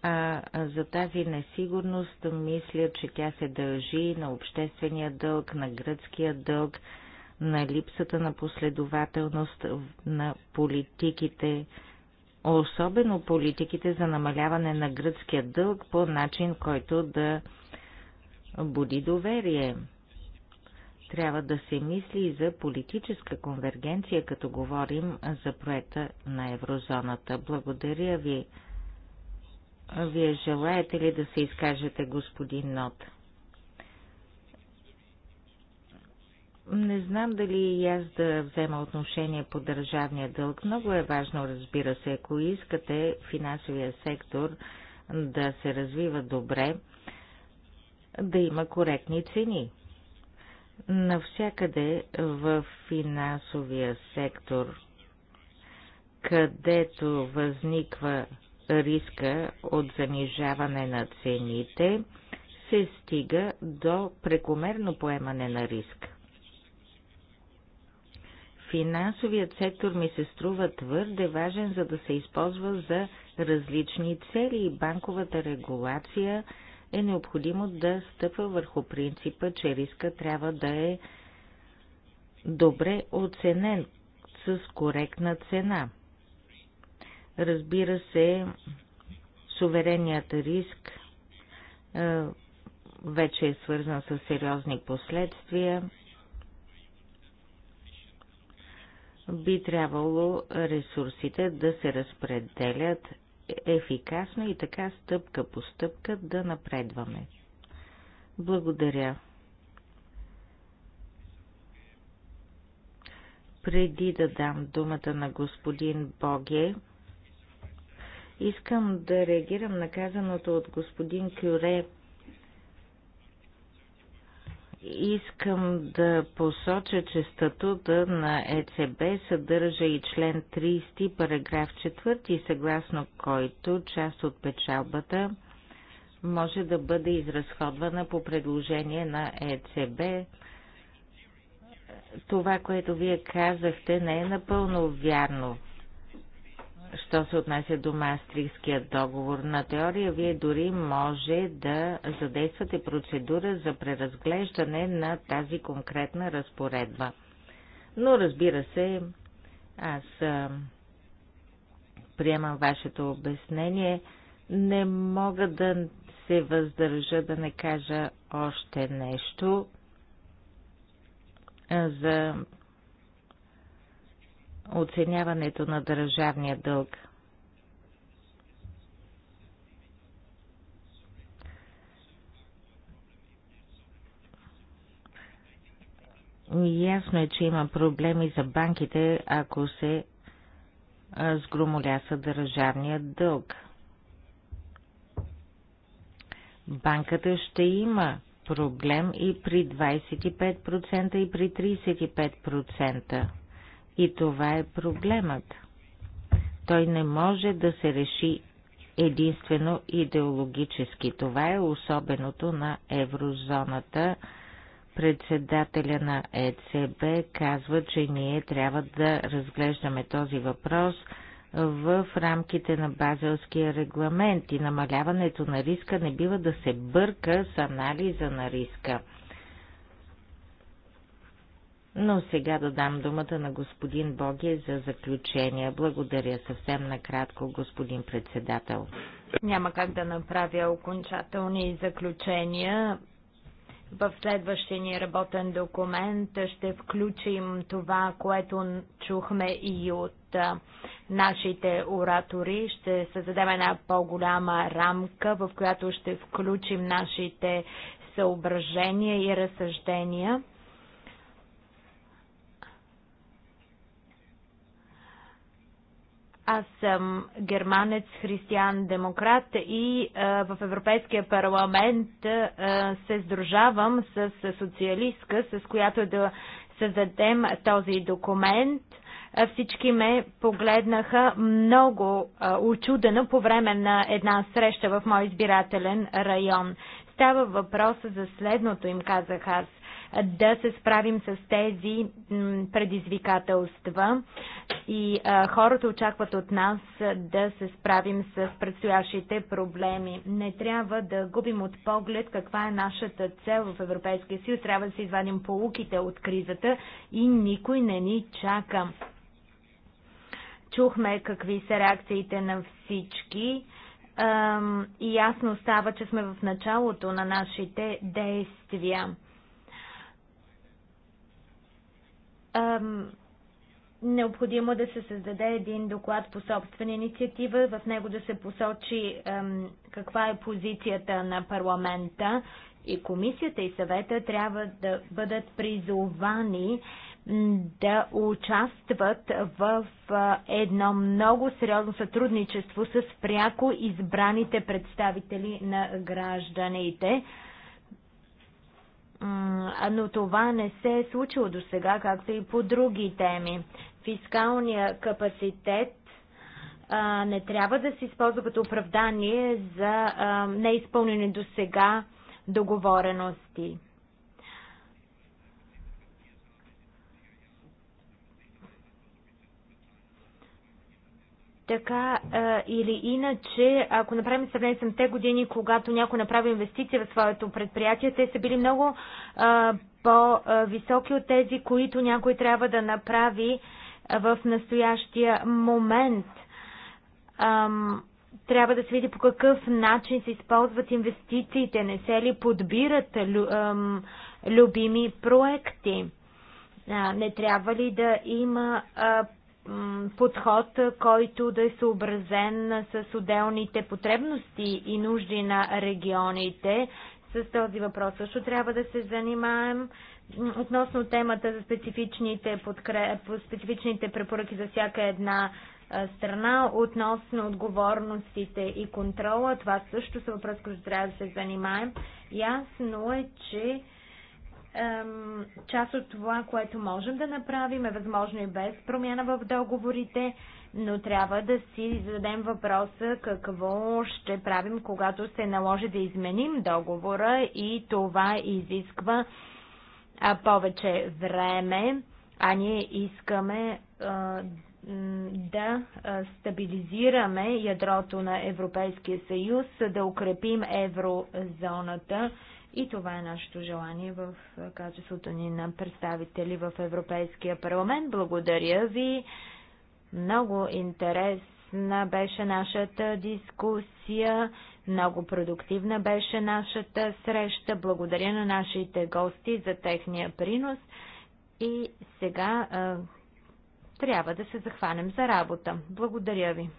А за тази несигурност мисля, че тя се дължи на обществения дълг, на гръцкия дълг, на липсата на последователност на политиките, особено политиките за намаляване на гръцкия дълг по начин, който да буди доверие. Трябва да се мисли и за политическа конвергенция, като говорим за проекта на еврозоната. Благодаря ви. Вие желаете ли да се изкажете, господин Нот? Не знам дали и аз да взема отношение по държавния дълг. Много е важно, разбира се, ако искате финансовия сектор да се развива добре, да има коректни цени. Навсякъде в финансовия сектор, където възниква риска от занижаване на цените, се стига до прекомерно поемане на риск. Финансовият сектор ми се струва твърде важен, за да се използва за различни цели и банковата регулация е необходимо да стъпва върху принципа, че риска трябва да е добре оценен с коректна цена – Разбира се, суверенният риск вече е свързан с сериозни последствия. Би трябвало ресурсите да се разпределят ефикасно и така стъпка по стъпка да напредваме. Благодаря. Преди да дам думата на господин Боге, Искам да реагирам на казаното от господин Кюре. Искам да посоча, че статута на ЕЦБ съдържа и член 30, параграф 4, съгласно който част от печалбата може да бъде изразходвана по предложение на ЕЦБ. Това, което вие казахте, не е напълно вярно що се отнася до Мастрихския договор. На теория вие дори може да задействате процедура за преразглеждане на тази конкретна разпоредба. Но разбира се, аз приемам вашето обяснение. Не мога да се въздържа да не кажа още нещо за оценяването на държавния дълг. Ясно е, че има проблеми за банките, ако се сгромоляса държавния дълг. Банката ще има проблем и при 25% и при 35%. И това е проблемът. Той не може да се реши единствено идеологически. Това е особеното на еврозоната. Председателя на ЕЦБ казва, че ние трябва да разглеждаме този въпрос в рамките на базелския регламент и намаляването на риска не бива да се бърка с анализа на риска. Но сега да дам думата на господин Боги за заключение. Благодаря съвсем накратко, господин председател. Няма как да направя окончателни заключения. В следващия ни работен документ ще включим това, което чухме и от нашите оратори. Ще създадем една по-голяма рамка, в която ще включим нашите съображения и разсъждения. Аз съм германец, християн-демократ и а, в Европейския парламент а, се сдружавам с социалистка, с която да създадем този документ. Всички ме погледнаха много очудено по време на една среща в мой избирателен район. Става въпрос за следното, им казах аз – да се справим с тези предизвикателства и хората очакват от нас да се справим с предстоящите проблеми. Не трябва да губим от поглед каква е нашата цел в Европейския съюз. Трябва да се извадим полуките от кризата и никой не ни чака. Чухме какви са реакциите на всички и ясно става, че сме в началото на нашите действия. необходимо да се създаде един доклад по собствена инициатива, в него да се посочи каква е позицията на парламента и комисията и съвета трябва да бъдат призовани да участват в едно много сериозно сътрудничество с пряко избраните представители на гражданите но това не се е случило до сега, както и по други теми. Фискалния капацитет а, не трябва да се използва като оправдание за а, неизпълнени до сега договорености. Така а, или иначе, ако направим сравнение с те години, когато някой направи инвестиция в своето предприятие, те са били много по-високи от тези, които някой трябва да направи в настоящия момент. Ам, трябва да се види по какъв начин се използват инвестициите, не се ли подбират лю, ам, любими проекти. А, не трябва ли да има а, подход, който да е съобразен с отделните потребности и нужди на регионите. С този въпрос също трябва да се занимаем. Относно темата за специфичните, подкреп, специфичните препоръки за всяка една страна, относно отговорностите и контрола, това също са въпрос, които трябва да се занимаем. Ясно е, че част от това, което можем да направим е възможно и без промяна в договорите, но трябва да си зададем въпроса какво ще правим, когато се наложи да изменим договора и това изисква повече време, а ние искаме да стабилизираме ядрото на Европейския съюз, да укрепим еврозоната и това е нашето желание в качеството ни на представители в Европейския парламент. Благодаря ви. Много интересна беше нашата дискусия. Много продуктивна беше нашата среща. Благодаря на нашите гости за техния принос. И сега а, трябва да се захванем за работа. Благодаря ви.